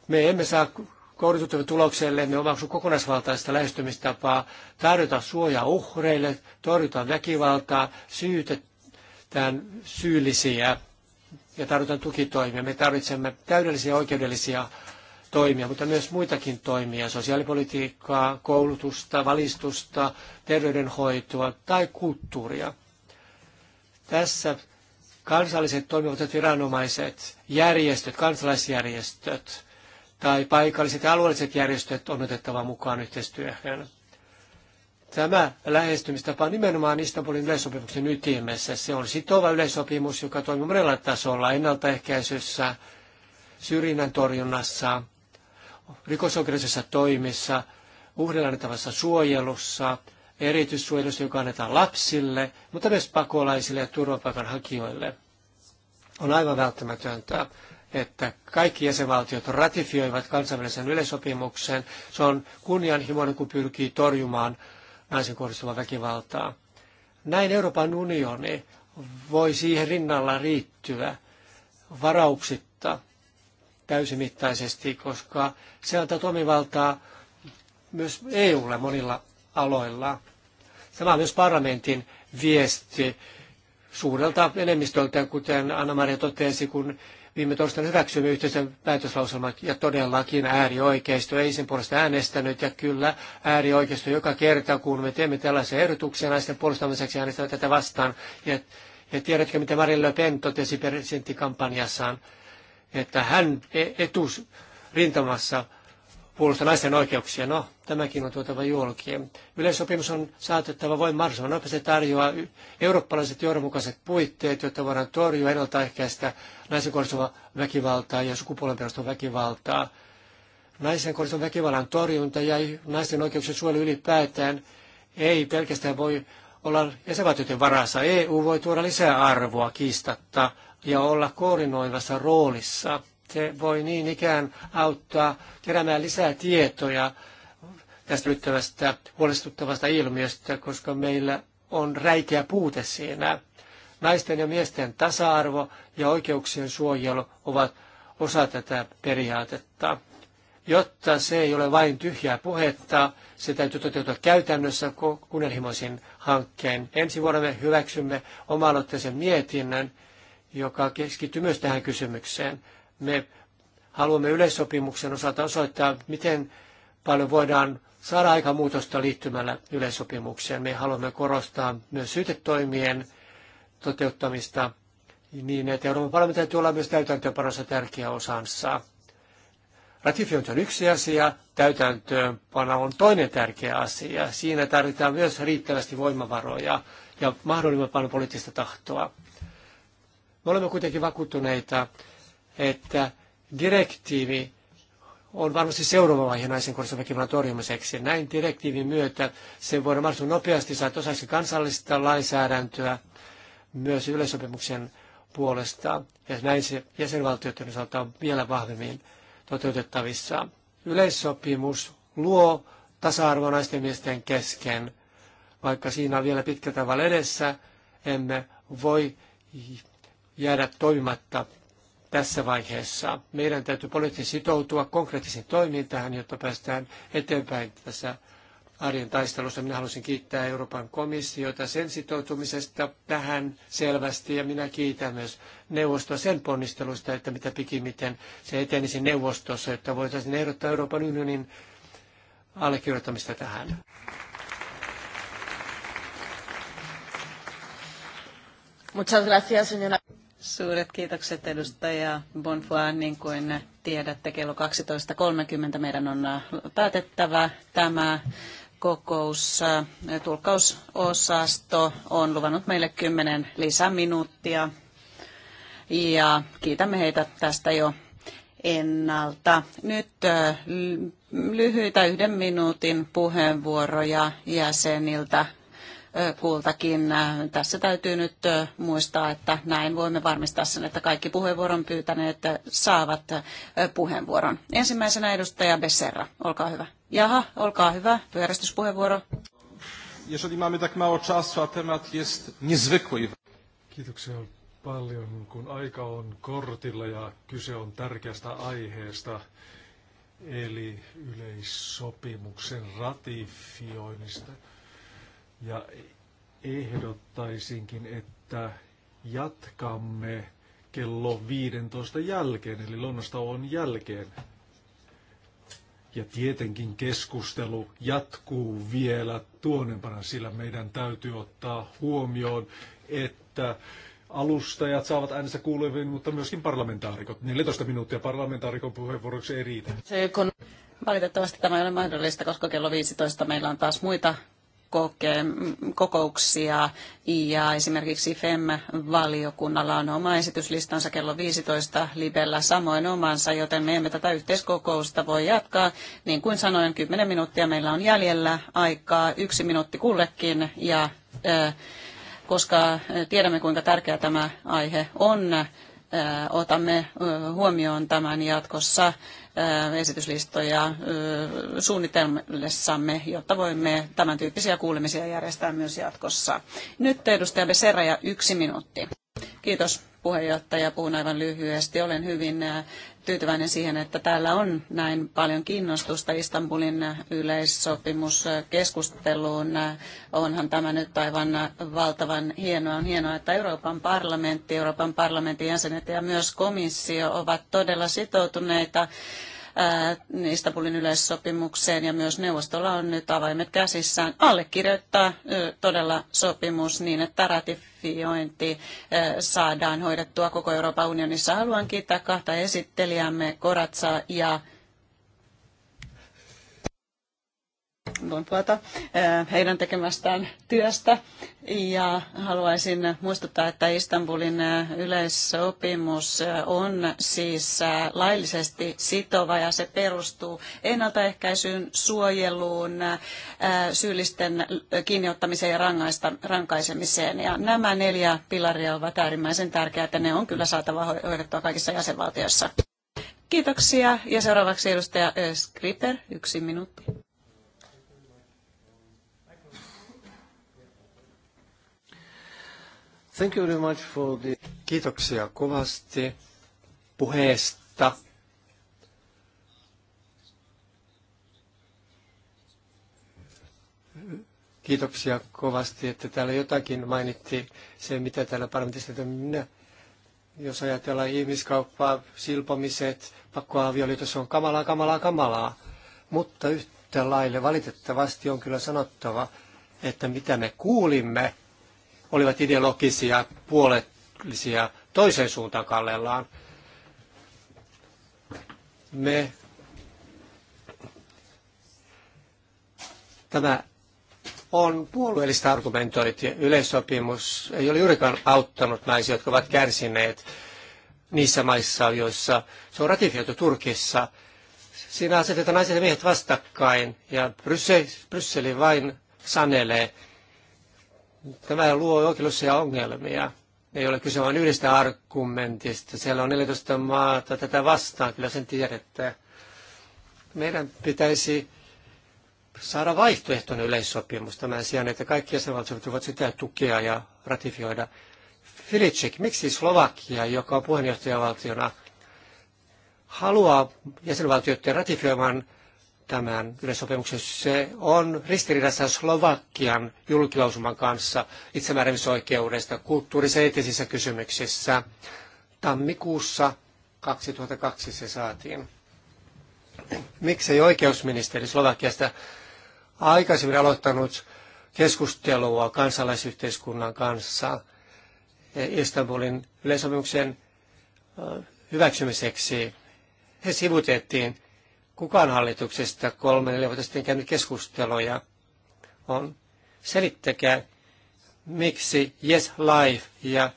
Me emme saa kohdituttamme tulokselle, me omaksu kokonaisvaltaista lähestymistapaa, tarjota suojaa uhreille, torjutaan väkivaltaa, syytetään syyllisiä ja tarvitaan tukitoimia. Me tarvitsemme täydellisiä oikeudellisia toimia, mutta myös muitakin toimia, sosiaalipolitiikkaa, koulutusta, valistusta, terveydenhoitoa tai kulttuuria. Tässä kansalliset toimivat viranomaiset, järjestöt, kansalaisjärjestöt tai paikalliset ja alueelliset järjestöt on otettava mukaan yhteistyöhön. Tämä lähestymistapa on nimenomaan Istanbulin yleissopimuksen ytimessä. Se on sitova yleissopimus, joka toimii monella tasolla, ennaltaehkäisyssä, syrjinnän torjunnassa, rikosoikeudellisessa toimissa, uhrille annettavassa suojelussa, erityissuojelusta, joka annetaan lapsille, mutta myös pakolaisille ja turvapaikanhakijoille. On aivan välttämätöntä, että kaikki jäsenvaltiot ratifioivat kansainvälisen yleisopimuksen. Se on kunnianhimoinen, kun pyrkii torjumaan naisen kohdistuvaa väkivaltaa. Näin Euroopan unioni voi siihen rinnalla riittyä varauksitta täysimittaisesti, koska se antaa toimivaltaa myös EUlle monilla aloilla. Tämä on myös parlamentin viesti suurelta enemmistöltä, kuten Anna-Maria totesi, kun viime torstaina hyväksyimme yhteisen päätöslauselman ja todellakin äärioikeisto ei sen puolesta äänestänyt ja kyllä äärioikeisto joka kerta kun me teemme tällaisia ehdotuksia naisten puolustamiseksi äänestää tätä vastaan ja, ja tiedätkö mitä Marine Le Pen totesi presidenttikampanjassaan että hän e-, etusrintamassa puolusta naisten oikeuksia. No, tämäkin on tuotava julki. Yleissopimus on saatettava voin mahdollisimman nopeasti tarjoaa eurooppalaiset johdonmukaiset puitteet, jotta voidaan torjua ennaltaehkäistä naisen kohdistuvaa väkivaltaa ja sukupuolen perustuvaa väkivaltaa. Naisen kohdistuvan väkivallan torjunta ja naisten oikeuksien suojelu ylipäätään ei pelkästään voi olla jäsenvaltioiden varassa. EU voi tuoda lisää arvoa kiistatta ja olla koordinoivassa roolissa – se voi niin ikään auttaa keräämään lisää tietoja tästä lyttävästä huolestuttavasta ilmiöstä, koska meillä on räikeä puute siinä. Naisten ja miesten tasa-arvo ja oikeuksien suojelu ovat osa tätä periaatetta. Jotta se ei ole vain tyhjää puhetta, se täytyy toteutua käytännössä kunnianhimoisin hankkeen. Ensi vuonna me hyväksymme oma-aloitteisen mietinnön, joka keskittyy myös tähän kysymykseen. Me haluamme yleissopimuksen osalta osoittaa, miten paljon voidaan saada aika muutosta liittymällä yleissopimukseen. Me haluamme korostaa myös syytetoimien toteuttamista niin, että Euroopan parlamentti täytyy olla myös täytäntöönpanossa tärkeä osansa. Ratifiointi on yksi asia, täytäntöönpano on toinen tärkeä asia. Siinä tarvitaan myös riittävästi voimavaroja ja mahdollisimman paljon poliittista tahtoa. Me olemme kuitenkin vakuuttuneita, että direktiivi on varmasti seuraava vaihe naisen kohdistuvan väkivallan torjumiseksi. Näin direktiivin myötä se voidaan mahdollisimman nopeasti saada osaksi kansallista lainsäädäntöä myös yleisopimuksen puolesta. Ja näin se jäsenvaltioiden osalta on vielä vahvemmin toteutettavissa. Yleissopimus luo tasa-arvo naisten miesten kesken. Vaikka siinä on vielä pitkä tavalla edessä, emme voi jäädä toimimatta tässä vaiheessa. Meidän täytyy poliittisesti sitoutua konkreettisiin toimintaan, jotta päästään eteenpäin tässä arjen taistelussa. Minä haluaisin kiittää Euroopan komissiota sen sitoutumisesta tähän selvästi ja minä kiitän myös neuvostoa sen ponnisteluista, että mitä pikimmiten se etenisi neuvostossa, jotta voitaisiin ehdottaa Euroopan unionin allekirjoittamista tähän. Muchas gracias, señora. Suuret kiitokset edustaja Bonfoy. Niin kuin tiedätte, kello 12.30 meidän on äh, päätettävä tämä kokous. Äh, tulkkausosasto on luvannut meille 10 lisäminuuttia ja kiitämme heitä tästä jo ennalta. Nyt äh, lyhyitä yhden minuutin puheenvuoroja jäseniltä kultakin. Tässä täytyy nyt muistaa, että näin voimme varmistaa sen, että kaikki puheenvuoron pyytäneet saavat puheenvuoron. Ensimmäisenä edustaja Besserra, olkaa hyvä. Jaha, olkaa hyvä, pyöristyspuheenvuoro. Jeżeli mamy tak mało czasu, a temat jest niezwykły. Kiitoksia paljon, kun aika on kortilla ja kyse on tärkeästä aiheesta, eli yleissopimuksen ratifioinnista. Ja ehdottaisinkin, että jatkamme kello 15 jälkeen, eli on jälkeen. Ja tietenkin keskustelu jatkuu vielä tuonempana, sillä meidän täytyy ottaa huomioon, että alustajat saavat äänestä kuuleviin, mutta myöskin parlamentaarikot. 14 minuuttia parlamentaarikon puheenvuoroksi ei riitä. Se, kun valitettavasti tämä ei ole mahdollista, koska kello 15 meillä on taas muita kokouksia ja esimerkiksi FEM-valiokunnalla on oma esityslistansa kello 15 libellä samoin omansa, joten me emme tätä yhteiskokousta voi jatkaa. Niin kuin sanoin, 10 minuuttia meillä on jäljellä aikaa, yksi minuutti kullekin ja koska tiedämme kuinka tärkeä tämä aihe on, otamme huomioon tämän jatkossa esityslistoja suunnitelmassamme, jotta voimme tämän tyyppisiä kuulemisia järjestää myös jatkossa. Nyt edustaja Becerra ja yksi minuutti. Kiitos puheenjohtaja. Puhun aivan lyhyesti. Olen hyvin tyytyväinen siihen, että täällä on näin paljon kiinnostusta Istanbulin yleissopimuskeskusteluun. Onhan tämä nyt aivan valtavan hienoa. On hienoa, että Euroopan parlamentti, Euroopan parlamentin jäsenet ja myös komissio ovat todella sitoutuneita Istanbulin yleissopimukseen ja myös neuvostolla on nyt avaimet käsissään allekirjoittaa todella sopimus niin, että ratifiointi saadaan hoidettua koko Euroopan unionissa. Haluan kiittää kahta esittelijämme Koratsaa ja tuota, heidän tekemästään työstä. Ja haluaisin muistuttaa, että Istanbulin eh, yleissopimus eh, on siis laillisesti sitova ja se perustuu ennaltaehkäisyyn, suojeluun, syyllisten kiinniottamiseen ja rangaista, rankaisemiseen. Ja nämä neljä pilaria ovat äärimmäisen tärkeitä, että ne on kyllä saatava hoidettua kaikissa jäsenvaltioissa. Kiitoksia. Ja seuraavaksi edustaja Skriper, yksi minuutti. Thank you very much for the... Kiitoksia kovasti puheesta. Kiitoksia kovasti, että täällä jotakin mainittiin se, mitä täällä parlamentissa, että minä, jos ajatellaan ihmiskauppaa, silpomiset, pakkoavioliitot, se on kamalaa, kamalaa, kamalaa. Mutta yhtä laille valitettavasti on kyllä sanottava, että mitä me kuulimme olivat ideologisia, puolellisia toiseen suuntaan kallellaan. Me Tämä on puolueellista argumentointia. Yleissopimus ei ole juurikaan auttanut naisia, jotka ovat kärsineet niissä maissa, joissa se on ratifioitu Turkissa. Siinä asetetaan naiset ja miehet vastakkain ja Brysseli vain sanelee, Tämä luo oikeudellisia ongelmia. Ei ole kyse vain yhdestä argumentista. Siellä on 14 maata tätä vastaan, kyllä sen tiedätte. Meidän pitäisi saada vaihtoehtoinen yleissopimus tämän sijaan, että kaikki jäsenvaltiot voivat sitä tukea ja ratifioida. Filicek, miksi Slovakia, joka on puheenjohtajavaltiona, haluaa jäsenvaltioiden ratifioimaan tämän yleissopimuksen. Se on ristiriidassa Slovakian julkilausuman kanssa itsemääräämisoikeudesta kulttuuriseettisissä kysymyksissä. Tammikuussa 2002 se saatiin. Miksei oikeusministeri Slovakiasta aikaisemmin aloittanut keskustelua kansalaisyhteiskunnan kanssa Istanbulin yleissopimuksen hyväksymiseksi? He sivutettiin kukaan hallituksesta kolme, neljä vuotta sitten käynyt keskusteluja. On. Selittäkää, miksi Yes Life ja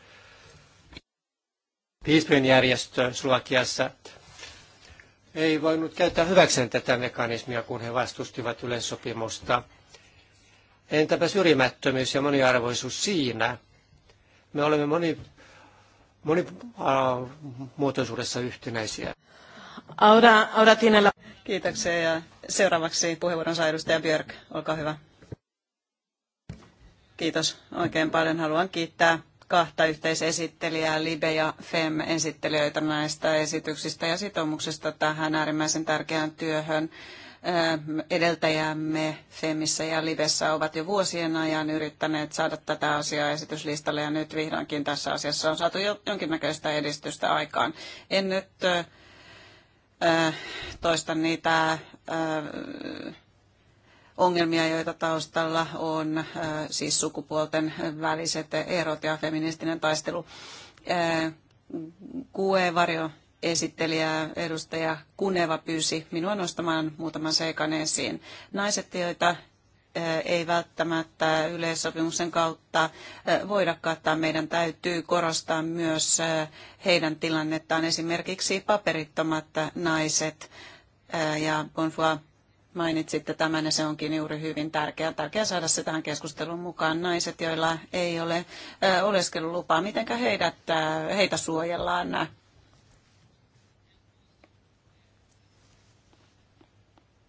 Piispien järjestö Slovakiassa ei voinut käyttää hyväkseen tätä mekanismia, kun he vastustivat yleissopimusta. Entäpä syrjimättömyys ja moniarvoisuus siinä? Me olemme moni, monimuotoisuudessa yhtenäisiä. Ahora, Kiitoksia ja seuraavaksi puheenvuoron saa edustaja Björk. Olkaa hyvä. Kiitos oikein paljon. Haluan kiittää kahta yhteisesittelijää, Libe ja FEM esittelijöitä näistä esityksistä ja sitoumuksesta tähän äärimmäisen tärkeään työhön. Edeltäjämme FEMissä ja Libessä ovat jo vuosien ajan yrittäneet saada tätä asiaa esityslistalle ja nyt vihdoinkin tässä asiassa on saatu jo jonkinnäköistä edistystä aikaan. En nyt toista niitä ongelmia, joita taustalla on, siis sukupuolten väliset erot ja feministinen taistelu. QE-varjo esittelijä edustaja Kuneva pyysi minua nostamaan muutaman seikan esiin. Naiset, joita ei välttämättä yleissopimuksen kautta voida kattaa. Meidän täytyy korostaa myös heidän tilannettaan, esimerkiksi paperittomat naiset. Ja Bonfoy mainitsitte tämän ja se onkin juuri hyvin tärkeää. Tärkeää saada se tähän keskusteluun mukaan. Naiset, joilla ei ole oleskelulupaa, miten heidät, heitä suojellaan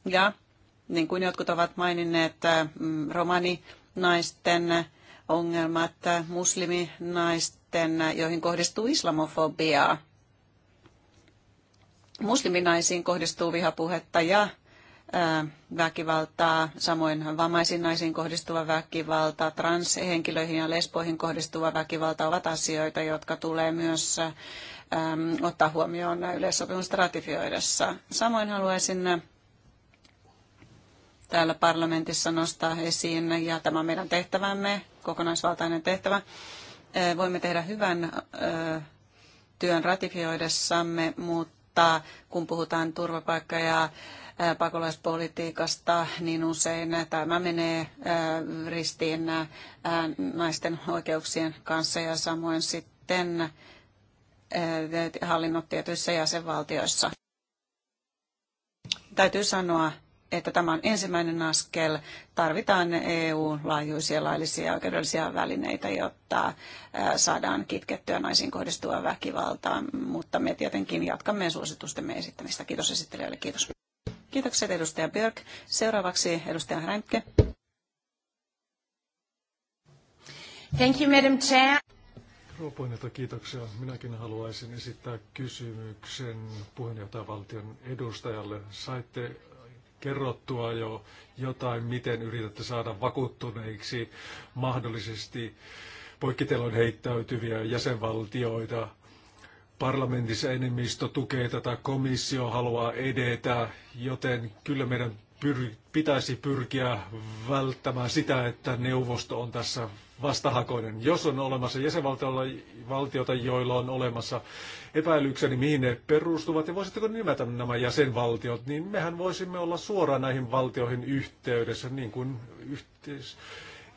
Ja niin kuin jotkut ovat maininneet, äh, mm, romaninaisten ongelmat, äh, musliminaisten, äh, joihin kohdistuu islamofobiaa. Musliminaisiin kohdistuu vihapuhetta ja väkivaltaa, samoin vammaisiin naisiin kohdistuva väkivalta, transhenkilöihin ja lesboihin kohdistuva väkivalta ovat asioita, jotka tulee myös ähm, ottaa huomioon yleissopimusta ratifioidessa. Samoin haluaisin täällä parlamentissa nostaa esiin, ja tämä on meidän tehtävämme, kokonaisvaltainen tehtävä. Voimme tehdä hyvän työn ratifioidessamme, mutta kun puhutaan turvapaikka- ja pakolaispolitiikasta, niin usein tämä menee ristiin naisten oikeuksien kanssa ja samoin sitten hallinnot tietyissä jäsenvaltioissa. Täytyy sanoa, että tämä on ensimmäinen askel. Tarvitaan EU-laajuisia laillisia oikeudellisia välineitä, jotta saadaan kitkettyä naisiin kohdistuvaa väkivaltaa, mutta me tietenkin jatkamme suositustemme esittämistä. Kiitos esittelijöille, kiitos. Kiitokset edustaja Björk. Seuraavaksi edustaja Ränkke. Thank you, Madam Chair. Ruopuinilta kiitoksia. Minäkin haluaisin esittää kysymyksen puheenjohtajavaltion edustajalle. Saitte kerrottua jo jotain, miten yritätte saada vakuuttuneiksi mahdollisesti poikkiteloin heittäytyviä jäsenvaltioita. Parlamentissa enemmistö tukee tätä, komissio haluaa edetä, joten kyllä meidän pyr- pitäisi pyrkiä välttämään sitä, että neuvosto on tässä vastahakoinen. Jos on olemassa jäsenvaltioita, joilla on olemassa epäilyksiä, niin mihin ne perustuvat, ja voisitteko nimetä nämä jäsenvaltiot, niin mehän voisimme olla suoraan näihin valtioihin yhteydessä, niin kuin yhteis-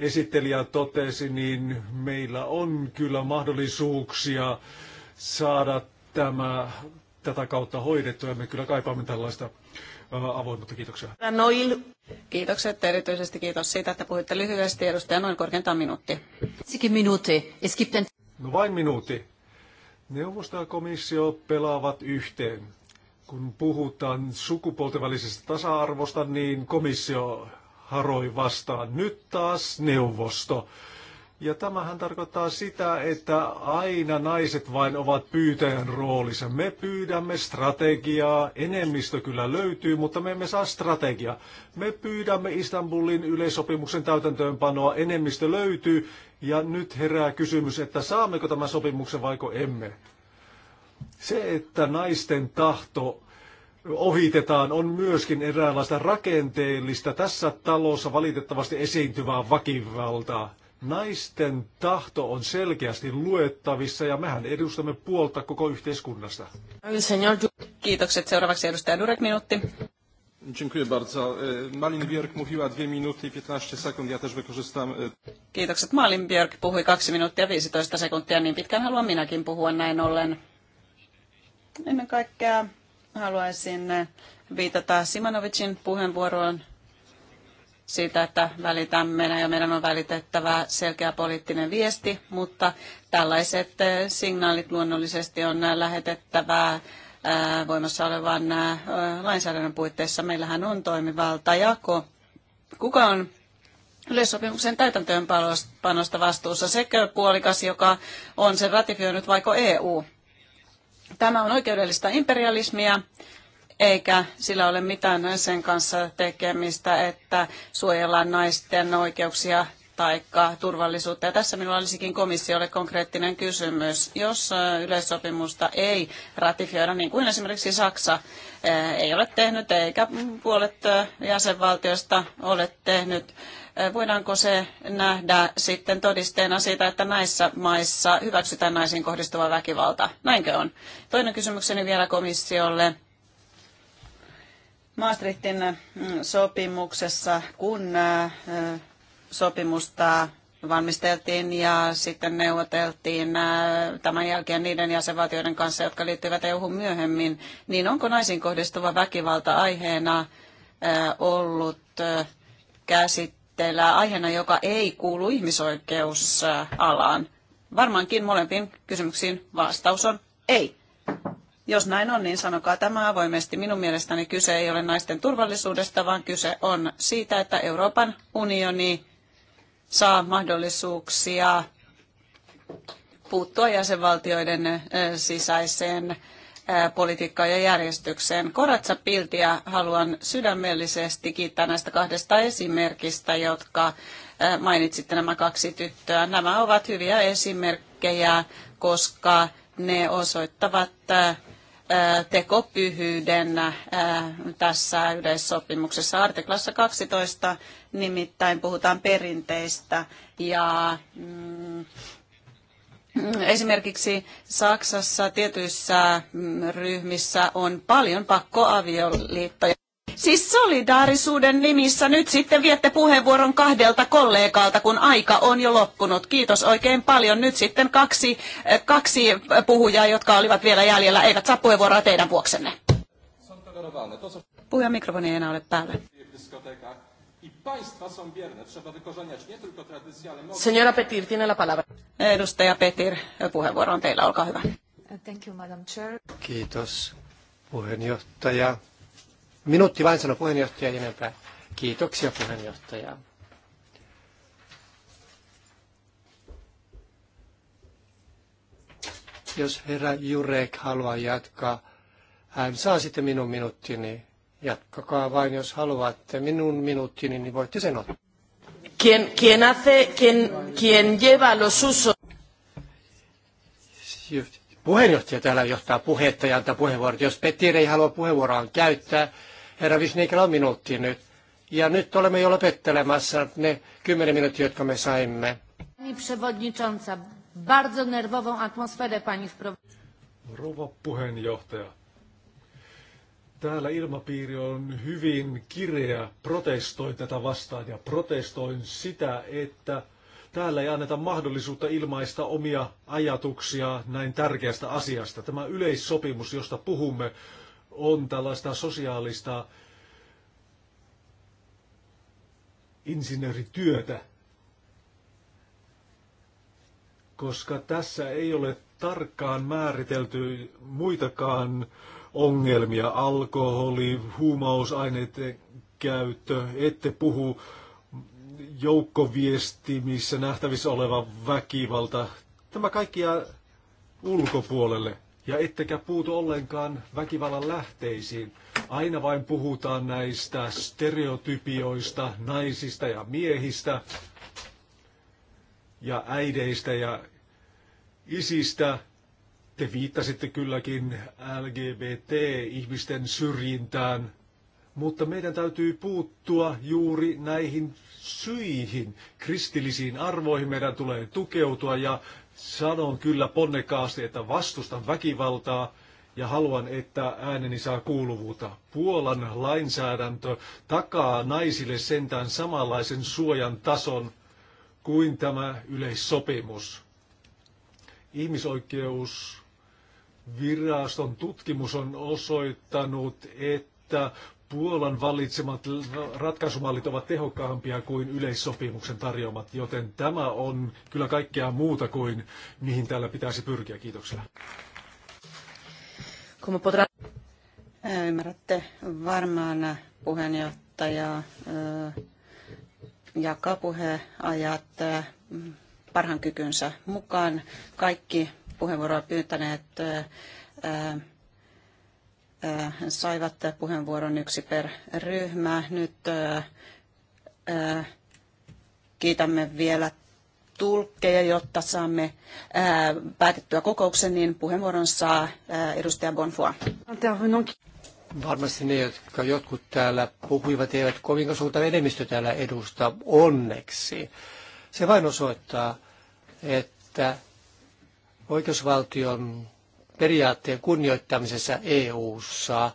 esittelijä totesi, niin meillä on kyllä mahdollisuuksia saada tämä tätä kautta hoidettua, ja me kyllä kaipaamme tällaista Äh, avoimuutta. Kiitoksia. Noil. Kiitokset. Erityisesti kiitos siitä, että puhuitte lyhyesti. Edustaja Noil, korkeintaan minuutti. minuutti. No vain minuutti. Neuvosto ja komissio pelaavat yhteen. Kun puhutaan sukupuolten välisestä tasa-arvosta, niin komissio haroi vastaan. Nyt taas neuvosto ja tämähän tarkoittaa sitä, että aina naiset vain ovat pyytäjän roolissa. Me pyydämme strategiaa, enemmistö kyllä löytyy, mutta me emme saa strategiaa. Me pyydämme Istanbulin yleissopimuksen täytäntöönpanoa, enemmistö löytyy, ja nyt herää kysymys, että saammeko tämän sopimuksen vaiko emme. Se, että naisten tahto ohitetaan, on myöskin eräänlaista rakenteellista tässä talossa valitettavasti esiintyvää vakivaltaa. Naisten tahto on selkeästi luettavissa ja mehän edustamme puolta koko yhteiskunnasta. Kiitokset. Seuraavaksi edustaja Durek minuutti. Dziękuję bardzo. E, Malin Björk mówiła 2 minuty i 15 sekund, ja też wykorzystam. E, Kiitokset. Malin Björk puhui 2 minuuttia 15 sekuntia, niin pitkään haluan minäkin puhua näin ollen. Ennen kaikkea haluaisin e, viitata Simanovicin puheenvuoroon siitä, että välitämme ja meidän on välitettävä selkeä poliittinen viesti, mutta tällaiset eh, signaalit luonnollisesti on lähetettävää eh, voimassa olevan eh, lainsäädännön puitteissa. Meillähän on toimivalta jako. Kuka on yleissopimuksen täytäntöönpanosta vastuussa, sekä puolikas, joka on sen ratifioinut, vaiko EU? Tämä on oikeudellista imperialismia eikä sillä ole mitään sen kanssa tekemistä, että suojellaan naisten oikeuksia tai turvallisuutta. Ja tässä minulla olisikin komissiolle konkreettinen kysymys. Jos yleissopimusta ei ratifioida, niin kuin esimerkiksi Saksa ei ole tehnyt, eikä puolet jäsenvaltioista ole tehnyt, voidaanko se nähdä sitten todisteena siitä, että näissä maissa hyväksytään naisiin kohdistuva väkivalta? Näinkö on? Toinen kysymykseni vielä komissiolle Maastrichtin mm, sopimuksessa, kun äh, sopimusta valmisteltiin ja sitten neuvoteltiin äh, tämän jälkeen niiden jäsenvaltioiden kanssa, jotka liittyivät EU-hun myöhemmin, niin onko naisiin kohdistuva väkivalta aiheena äh, ollut käsitteellä aiheena, joka ei kuulu ihmisoikeusalaan? Varmaankin molempiin kysymyksiin vastaus on ei. Jos näin on, niin sanokaa tämä avoimesti. Minun mielestäni kyse ei ole naisten turvallisuudesta, vaan kyse on siitä, että Euroopan unioni saa mahdollisuuksia puuttua jäsenvaltioiden sisäiseen politiikkaan ja järjestykseen. Koratsa Piltiä haluan sydämellisesti kiittää näistä kahdesta esimerkistä, jotka mainitsitte nämä kaksi tyttöä. Nämä ovat hyviä esimerkkejä, koska ne osoittavat tekopyhyyden tässä yleissopimuksessa. Artiklassa 12 nimittäin puhutaan perinteistä ja mm, Esimerkiksi Saksassa tietyissä mm, ryhmissä on paljon pakkoavioliittoja. Siis solidaarisuuden nimissä nyt sitten viette puheenvuoron kahdelta kollegalta, kun aika on jo loppunut. Kiitos oikein paljon. Nyt sitten kaksi, eh, kaksi puhujaa, jotka olivat vielä jäljellä, eivät saa puheenvuoroa teidän vuoksenne. Puhujan mikrofoni ei enää ole päällä. Signora Petir, tiene la palabra. Edustaja Petir, puheenvuoro on teillä, olkaa hyvä. Thank you, Madam Chair. Kiitos, puheenjohtaja Minuutti vain sanoi puheenjohtaja enempää. Kiitoksia puheenjohtaja. Jos herra Jurek haluaa jatkaa, hän saa sitten minun minuuttini. Jatkakaa vain, jos haluatte minun minuuttini, niin voitte sen ottaa. Quien, quien hace, quien, quien lleva los usos. Puheenjohtaja täällä johtaa puhetta ja antaa puheenvuorot. Jos Petir ei halua puheenvuoroaan käyttää, Herra Visnikalla on minuutti nyt. Ja nyt olemme jo lopettelemassa ne kymmenen minuuttia, jotka me saimme. Przewodnicząca, pani Rouva puheenjohtaja, täällä ilmapiiri on hyvin kireä. Protestoin tätä vastaan ja protestoin sitä, että täällä ei anneta mahdollisuutta ilmaista omia ajatuksia näin tärkeästä asiasta. Tämä yleissopimus, josta puhumme, on tällaista sosiaalista insinöörityötä, koska tässä ei ole tarkkaan määritelty muitakaan ongelmia, alkoholi, huumausaineiden käyttö, ette puhu missä nähtävissä oleva väkivalta. Tämä kaikki jää ulkopuolelle ja ettekä puutu ollenkaan väkivallan lähteisiin. Aina vain puhutaan näistä stereotypioista, naisista ja miehistä ja äideistä ja isistä. Te viittasitte kylläkin LGBT-ihmisten syrjintään, mutta meidän täytyy puuttua juuri näihin syihin, kristillisiin arvoihin meidän tulee tukeutua ja Sanon kyllä ponnekaasti, että vastustan väkivaltaa ja haluan, että ääneni saa kuuluvuutta. Puolan lainsäädäntö takaa naisille sentään samanlaisen suojan tason kuin tämä yleissopimus. Ihmisoikeusviraston tutkimus on osoittanut, että Puolan valitsemat ratkaisumallit ovat tehokkaampia kuin yleissopimuksen tarjoamat, joten tämä on kyllä kaikkea muuta kuin mihin täällä pitäisi pyrkiä. Kiitoksia. Ymmärrätte varmaan puheenjohtaja jakaa puheajat parhaan kykynsä mukaan. Kaikki puheenvuoroa pyytäneet Äh, saivat puheenvuoron yksi per ryhmä. Nyt äh, äh, kiitämme vielä tulkkeja, jotta saamme päätettyä kokouksen, niin puheenvuoron saa edustaja Bonfoa. Varmasti ne, jotka jotkut täällä puhuivat, eivät kovin suurta enemmistö täällä edusta, onneksi. Se vain osoittaa, että oikeusvaltion periaatteen kunnioittamisessa EU-ssa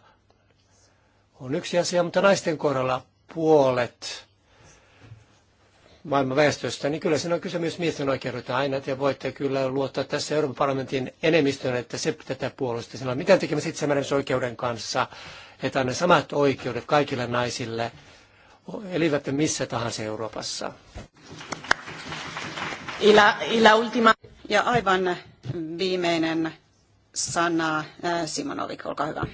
on yksi asia, mutta naisten kohdalla puolet maailman väestöstä, niin kyllä siinä on kyse myös miesten oikeudesta aina. Te voitte kyllä luottaa tässä Euroopan parlamentin enemmistöön, että se tätä puolustaa. Sillä on mitään tekemistä itsemääräämisoikeuden kanssa, että on ne samat oikeudet kaikille naisille, elivät missä tahansa Euroopassa. Ila, ila ultima. Ja aivan viimeinen sanaa. Äh, Simonovic, olkaa hyvä.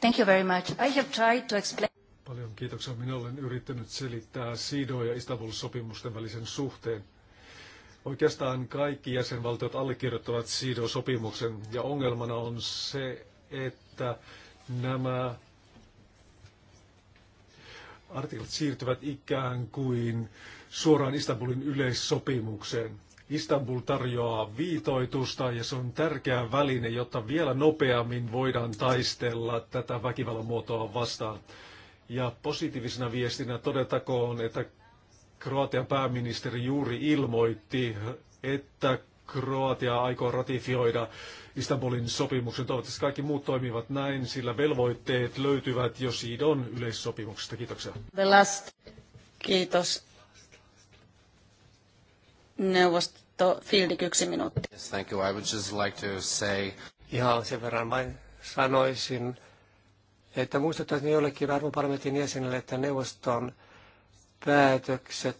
Thank you very much. I have tried to explain... Paljon kiitoksia. Minä olen yrittänyt selittää SIDO- ja Istanbul-sopimusten välisen suhteen. Oikeastaan kaikki jäsenvaltiot allekirjoittavat SIDO-sopimuksen ja ongelmana on se, että nämä artiklat siirtyvät ikään kuin suoraan Istanbulin yleissopimukseen. Istanbul tarjoaa viitoitusta ja se on tärkeä väline, jotta vielä nopeammin voidaan taistella tätä väkivallan muotoa vastaan. Ja positiivisena viestinä todetakoon, että Kroatian pääministeri juuri ilmoitti, että Kroatia aikoo ratifioida Istanbulin sopimuksen. Toivottavasti kaikki muut toimivat näin, sillä velvoitteet löytyvät jo Siidon yleissopimuksesta. Kiitoksia. The last. Kiitos. Neuvosto Fieldik yksi minuutti. Yes, thank you. I would just like to say... Ihan sen verran vain sanoisin, että muistuttaisin jollekin arvoparlamentin jäsenille, että neuvoston päätökset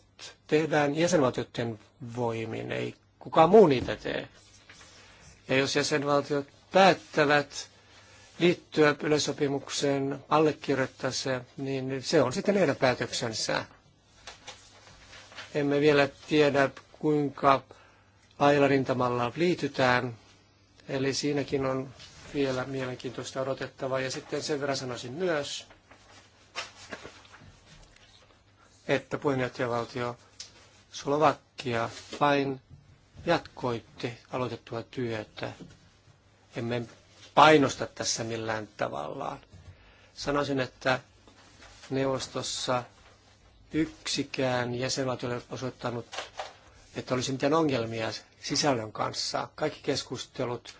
tehdään jäsenvaltioiden voimin, ei kukaan muu niitä tee. Ja jos jäsenvaltiot päättävät liittyä yleissopimukseen, allekirjoittaa se, niin se on sitten heidän päätöksensä. Emme vielä tiedä, kuinka ailarintamalla rintamalla liitytään. Eli siinäkin on vielä mielenkiintoista odotettavaa. Ja sitten sen verran sanoisin myös, että puheenjohtajavaltio Slovakia vain jatkoitti aloitettua työtä. Emme painosta tässä millään tavallaan. Sanoisin, että neuvostossa yksikään jäsenvaltio ei ole osoittanut että olisi mitään ongelmia sisällön kanssa. Kaikki keskustelut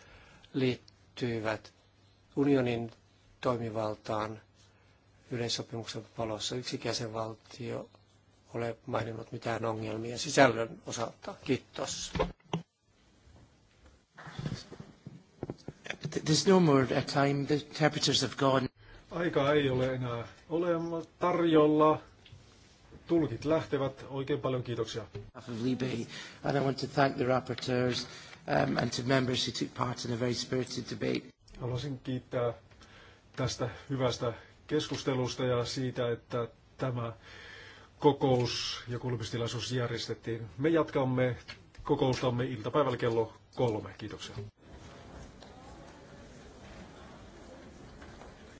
liittyivät unionin toimivaltaan yleissopimuksen valossa. Yksi jäsenvaltio ole maininnut mitään ongelmia sisällön osalta. Kiitos. There's no more uh, time. The temperatures have gone. Aikaa ei ole enää olemassa tarjolla tulkit lähtevät. Oikein paljon kiitoksia. Um, Haluaisin kiittää tästä hyvästä keskustelusta ja siitä, että tämä kokous ja kuulemistilaisuus järjestettiin. Me jatkamme kokoustamme iltapäivällä kello kolme. Kiitoksia.